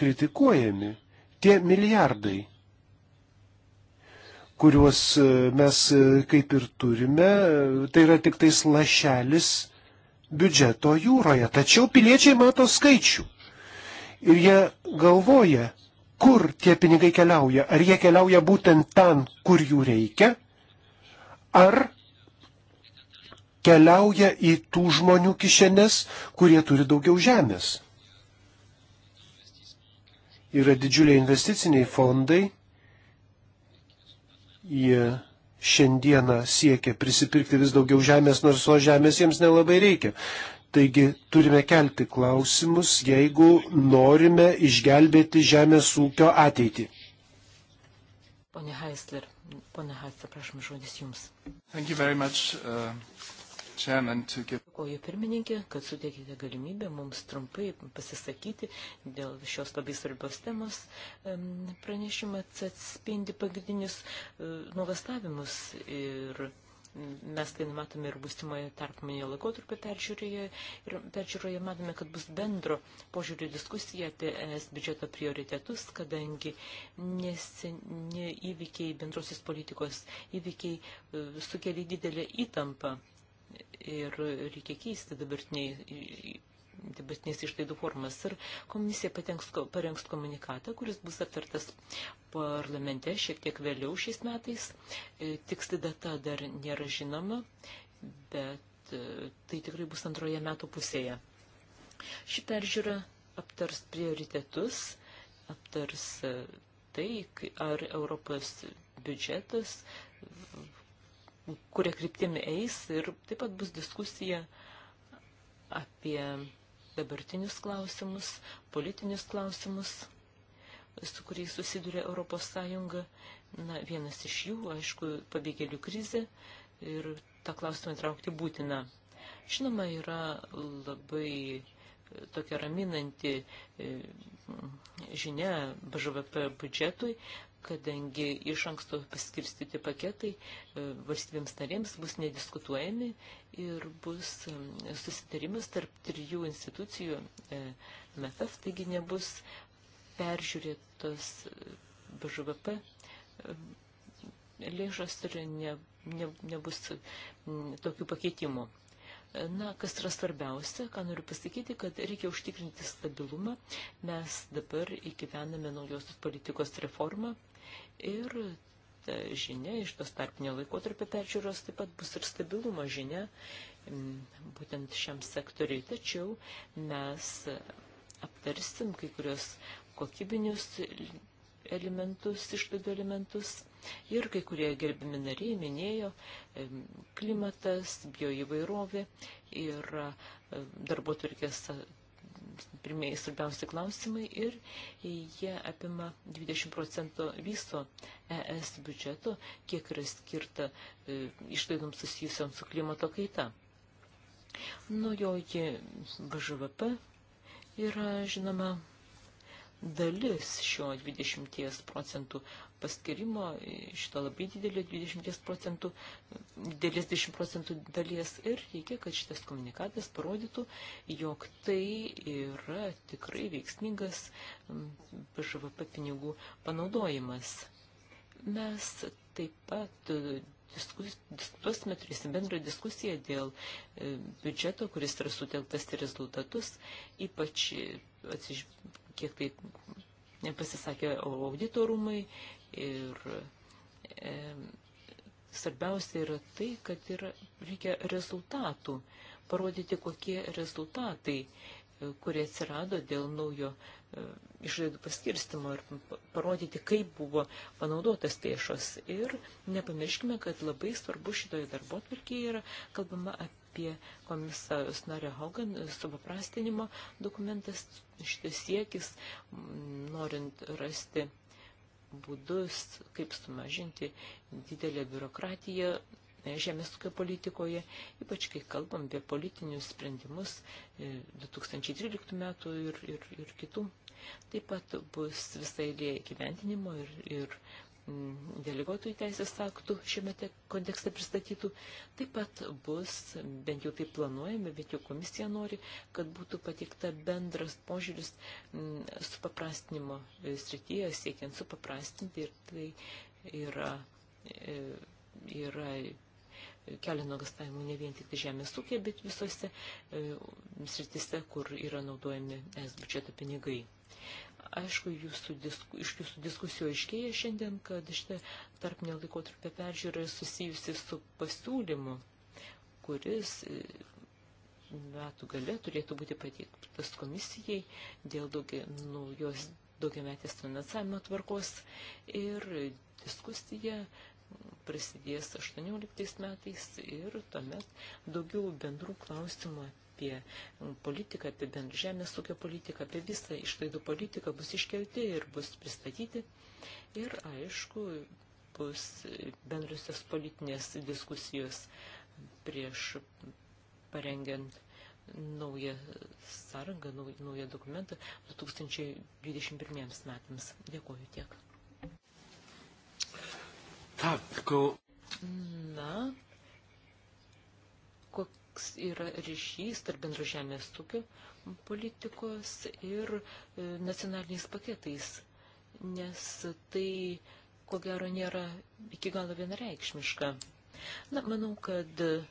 kritikuojami. Tie milijardai, kuriuos e, mes e, kaip ir turime, tai yra tik tais lašelis biudžeto jūroje. Tačiau piliečiai mato skaičių. Ir jie galvoja, kur tie pinigai keliauja. Ar jie keliauja būtent ten, kur jų reikia, ar keliauja į tų žmonių kišenes, kurie turi daugiau žemės. Yra didžiuliai investiciniai fondai, jie šiandieną siekia prisipirkti vis daugiau žemės, nors o žemės jiems nelabai reikia. Taigi turime kelti klausimus, jeigu norime išgelbėti žemės ūkio ateitį. Pone Heisler, Pone Hatsa, prašom žodis Jums. Much, uh, chairman, give... Dėkuoju pirmininkė, kad suteikite galimybę mums trumpai pasisakyti dėl šios labai svarbios temos. Pranešimas atspindi pagrindinius e, nuogastavimus ir mes tai numatome ir būstimoje tarpminėje laikotarpio peržiūroje ir peržiūroje matome, kad bus bendro požiūrių diskusija apie ES biudžeto prioritetus, kadangi neseni įvykiai, bendrosios politikos įvykiai e, sukelia didelę įtampą ir reikia keisti dabartiniai dabartinės tai išlaidų formas. Ir komisija patenks, parengs komunikatą, kuris bus aptartas parlamente šiek tiek vėliau šiais metais. E, tiksli data dar nėra žinoma, bet e, tai tikrai bus antroje metų pusėje. Ši peržiūra aptars prioritetus, aptars e, tai, ar Europos biudžetas kuria kryptimi eis ir taip pat bus diskusija apie dabartinius klausimus, politinius klausimus, su kuriais susiduria Europos Sąjunga. Na, vienas iš jų, aišku, pabėgėlių krizė ir tą klausimą traukti būtina. Žinoma, yra labai e, tokia raminanti e, žinia BŽVP biudžetui, kadangi iš anksto paskirstyti paketai e, valstybėms narėms bus nediskutuojami ir bus susitarimas tarp trijų institucijų e, MFF, taigi nebus peržiūrėtos e, BŽVP lėšas ir ne, ne, nebus tokių pakeitimų. E, na, kas yra svarbiausia, ką noriu pasakyti, kad reikia užtikrinti stabilumą. Mes dabar įgyvename naujosios politikos reformą ir ta žinia iš tos tarpinio laikotarpio peržiūros taip pat bus ir stabilumo žinia būtent šiam sektoriui. Tačiau mes aptarsim kai kurios kokybinius elementus, išlaidų elementus. Ir kai kurie gerbimi nariai minėjo klimatas, bioįvairovė ir darbo turkės pirmieji svarbiausi klausimai ir jie apima 20 procentų viso ES biudžeto, kiek yra skirta e, išlaidoms susijusiam su klimato kaita. Naujoji BŽVP yra, žinoma, dalis šio 20 procentų paskirimo, šito labai didelio 20 procentų, didelės 10 procentų dalies ir reikia, kad šitas komunikatas parodytų, jog tai yra tikrai veiksmingas PŽVP pinigų panaudojimas. Mes taip pat e, diskutuosime, turėsim bendrą diskusiją dėl e, biudžeto, kuris yra sutelktas į rezultatus, ypač atsiž... kiek tai pasisakė auditorumai ir e, svarbiausia yra tai, kad yra, reikia rezultatų, parodyti, kokie rezultatai, e, kurie atsirado dėl naujo e, išlaidų paskirstimo ir parodyti, kaip buvo panaudotas lėšos. Ir nepamirškime, kad labai svarbu šitoje darbo tvarkėje yra kalbama apie apie komisarus Nario Hogan supaprastinimo dokumentas, šitas siekis, mm, norint rasti būdus, kaip sumažinti didelę biurokratiją e, žemės ūkio politikoje, ypač kai kalbam apie politinius sprendimus 2013 e, metų ir, ir, ir kitų. Taip pat bus visai lėja gyventinimo ir, ir Mm, deleguotojų teisės aktų šiame kontekste pristatytų, taip pat bus, bent jau taip planuojame, bet jau komisija nori, kad būtų patikta bendras požiūris mm, supaprastinimo e, srityje, siekiant supaprastinti ir tai yra, e, yra kelia nuogastavimų ne vien tik tai žemės ūkė, bet visose e, sritise, kur yra naudojami es biudžeto pinigai. Aišku, jūsų disku, iš jūsų diskusijų aiškėja šiandien, kad šitą tarpinio laikotarpio peržiūrą susijusi su pasiūlymu, kuris e, metų gale turėtų būti pateiktas komisijai dėl daugia, naujos daugiametės finansavimo tvarkos ir diskusija prasidės 18 metais ir tuomet daugiau bendrų klausimų apie um, politiką, apie bent žemės ūkio politiką, apie visą išlaidų politiką bus iškelti ir bus pristatyti. Ir, aišku, bus bendrusios politinės diskusijos prieš parengiant naują sąrangą, naują dokumentą 2021 metams. Dėkuoju tiek. Tak, tylko... Na, koks yra ryšys tarp bendro žemės ūkio politikos ir e, nacionaliniais paketais, nes tai, ko gero, nėra iki galo vienareikšmiška. Na, manau, kad e,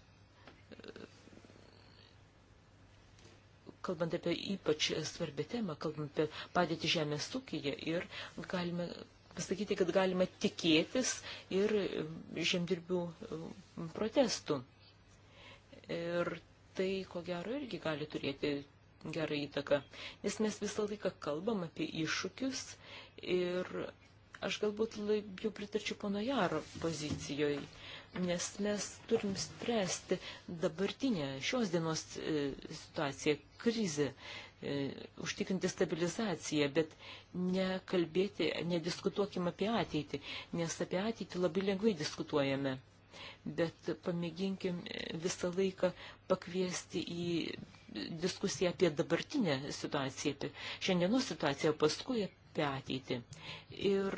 kalbant apie ypač svarbią temą, kalbant apie padėtį žemės ūkyje ir galime pasakyti, kad galima tikėtis ir e, žemdirbių protestų. Ir tai, ko gero, irgi gali turėti gerą įtaką. Nes mes visą laiką kalbam apie iššūkius ir aš galbūt labiau pritarčiau pono Jaro pozicijoje, nes mes turim spręsti dabartinę šios dienos e, situaciją, krizę, e, užtikrinti stabilizaciją, bet nekalbėti, nediskutuokim apie ateitį, nes apie ateitį labai lengvai diskutuojame bet pamėginkim visą laiką pakviesti į diskusiją apie dabartinę situaciją, apie šiandienos situaciją, paskui apie ateitį. Ir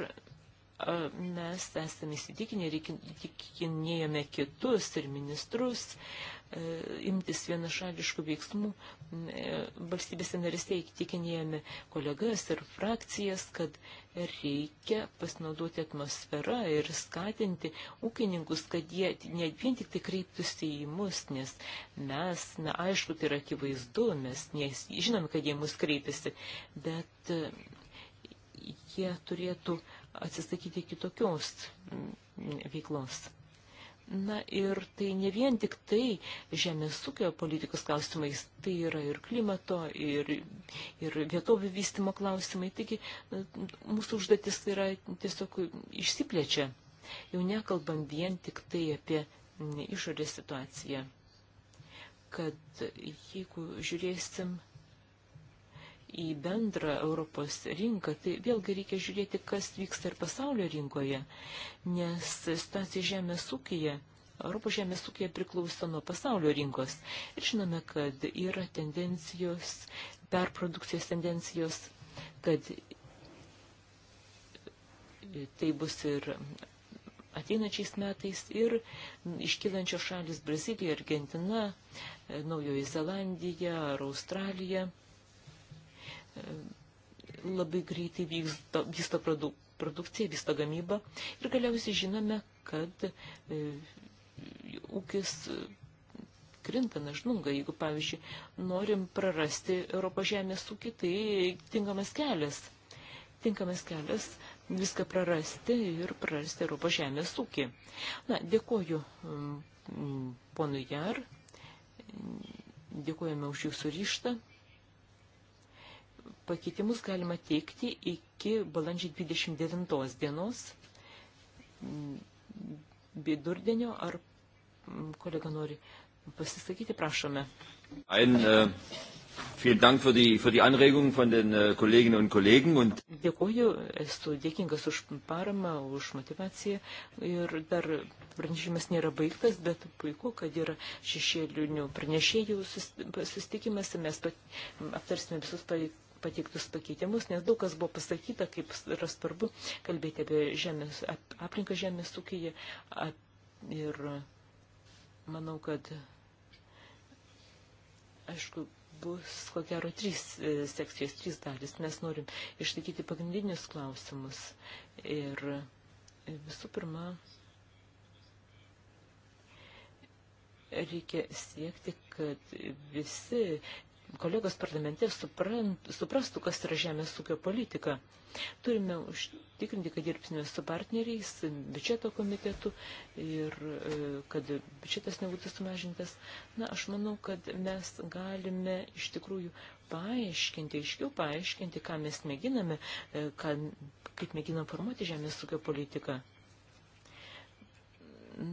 mes esame įsitikinę ir įtikinėjome kitus ir ministrus e, imtis vienašališkų veiksmų. E, valstybėse narystėje įtikinėjome kolegas ir frakcijas, kad reikia pasinaudoti atmosferą ir skatinti ūkininkus, kad jie ne vien tik tai kreiptųsi į mus, nes mes, na aišku, tai yra akivaizdu, mes nes, žinom, kad jie mus kreipiasi, bet e, jie turėtų atsisakyti kitokios veiklos. Na ir tai ne vien tik tai žemės ūkio politikos klausimais, tai yra ir klimato, ir, ir vietovių vystimo klausimai. Taigi mūsų užduotis yra tiesiog išsiplečia. Jau nekalbam vien tik tai apie išorės situaciją. Kad jeigu žiūrėsim į bendrą Europos rinką, tai vėlgi reikia žiūrėti, kas vyksta ir pasaulio rinkoje, nes situacija žemės ūkija, Europos žemės ūkija priklauso nuo pasaulio rinkos. Ir žinome, kad yra tendencijos, perprodukcijos tendencijos, kad tai bus ir ateinačiais metais ir iškylančios šalis Brazilija, Argentina, Naujoji Zelandija ar Australija – labai greitai vyksta, vysta produk, produkcija, vysta gamyba ir galiausiai žinome, kad e, ūkis e, krinta, nežlunga. Jeigu, pavyzdžiui, norim prarasti Europos žemės ūkį, tai tinkamas kelias. Tinkamas kelias viską prarasti ir prarasti Europos žemės ūkį. Na, dėkoju ponui Jar, dėkojame už jūsų ryštą. Pakeitimus galima teikti iki balandžio 29 dienos mm, vidurdienio. Ar mm, kolega nori pasisakyti, prašome. Ein, uh... Vielen Dank für die, für die Anregungen von den äh, Kolleginnen und Kollegen. Und Dėkuoju, esu dėkingas už paramą, už motivaciją. Ir dar pranešimas nėra baigtas, bet puiku, kad yra šešėlinių pranešėjų susitikimas. Mes aptarsime visus paliktus pateiktus pakeitimus, nes daug kas buvo pasakyta, kaip yra svarbu kalbėti apie žemės, ap, aplinką žemės ūkyje. Ap, ir manau, kad, aišku, bus ko gero trys e, sekcijos, trys dalis. Mes norim išsakyti pagrindinius klausimus. Ir e, visų pirma, reikia siekti, kad visi kolegos parlamente suprant, suprastų, kas yra žemės ūkio politika. Turime užtikrinti, kad dirbsime su partneriais, biudžeto komitetu ir e, kad biudžetas nebūtų sumažintas. Na, aš manau, kad mes galime iš tikrųjų paaiškinti, aiškiau paaiškinti, ką mes mėginame, e, ką, kaip mėginam formuoti žemės ūkio politiką.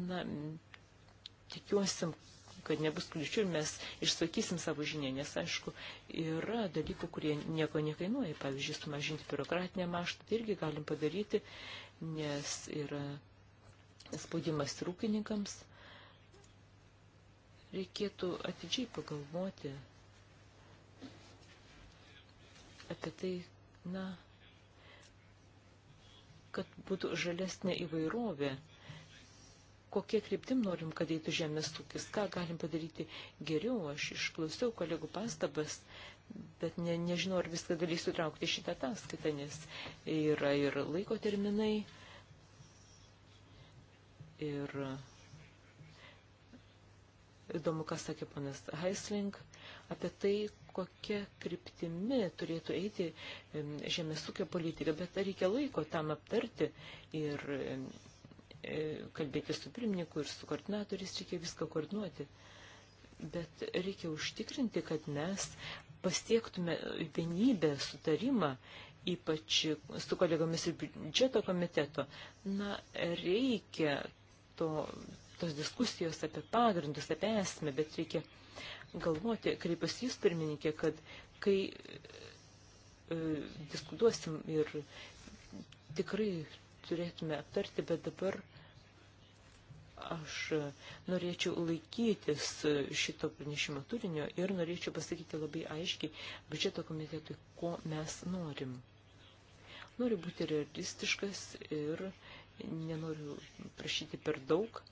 Na, tikiuosi, kad nebus kliučių, mes išsakysim savo žinią, nes aišku, yra dalykų, kurie nieko nekainuoja. Pavyzdžiui, sumažinti biurokratinę maštą, tai irgi galim padaryti, nes yra spaudimas ir ūkininkams. Reikėtų atidžiai pagalvoti apie tai, na, kad būtų žalesnė įvairovė kokie kryptim norim, kad eitų žemės ūkis, ką galim padaryti geriau. Aš išklausiau kolegų pastabas, bet ne, nežinau, ar viską galėsiu traukti šitą ataskaitą, nes yra ir laiko terminai. Ir įdomu, ką sakė panas Heisling apie tai, kokia kryptimi turėtų eiti žemės ūkio politika, bet reikia laiko tam aptarti ir E, kalbėti su pirmininku ir su koordinatoriais, reikia viską koordinuoti. Bet reikia užtikrinti, kad mes pasiektume vienybę, sutarimą, ypač su kolegomis ir biudžeto komiteto. Na, reikia to, tos diskusijos apie pagrindus, apie esmę, bet reikia galvoti, kreipiasi jūs pirmininkė, kad kai e, diskutuosim ir tikrai turėtume aptarti, bet dabar Aš norėčiau laikytis šito pranešimo turinio ir norėčiau pasakyti labai aiškiai biudžeto komitetui, ko mes norim. Noriu būti realistiškas ir nenoriu prašyti per daug.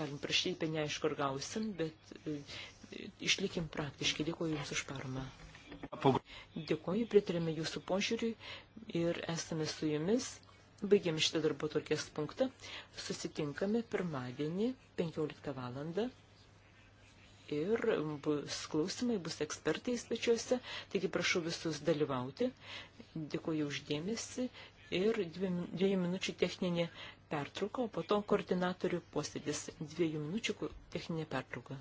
Galim prašyti, bet neaišku, ar gausim, bet e, išlikim praktiškai. Dėkuoju Jums už paramą. Dėkuoju, pritarėme Jūsų požiūriui ir esame su Jumis. Baigiam šitą darbo tokias punktą. Susitinkame pirmadienį 15 valandą. Ir bus klausimai, bus ekspertai svečiuose, taigi prašau visus dalyvauti. Dėkuoju uždėmesi ir dviejų minučių techninė pertrauka, o po to koordinatorių posėdis dviejų minučių techninė pertrauka.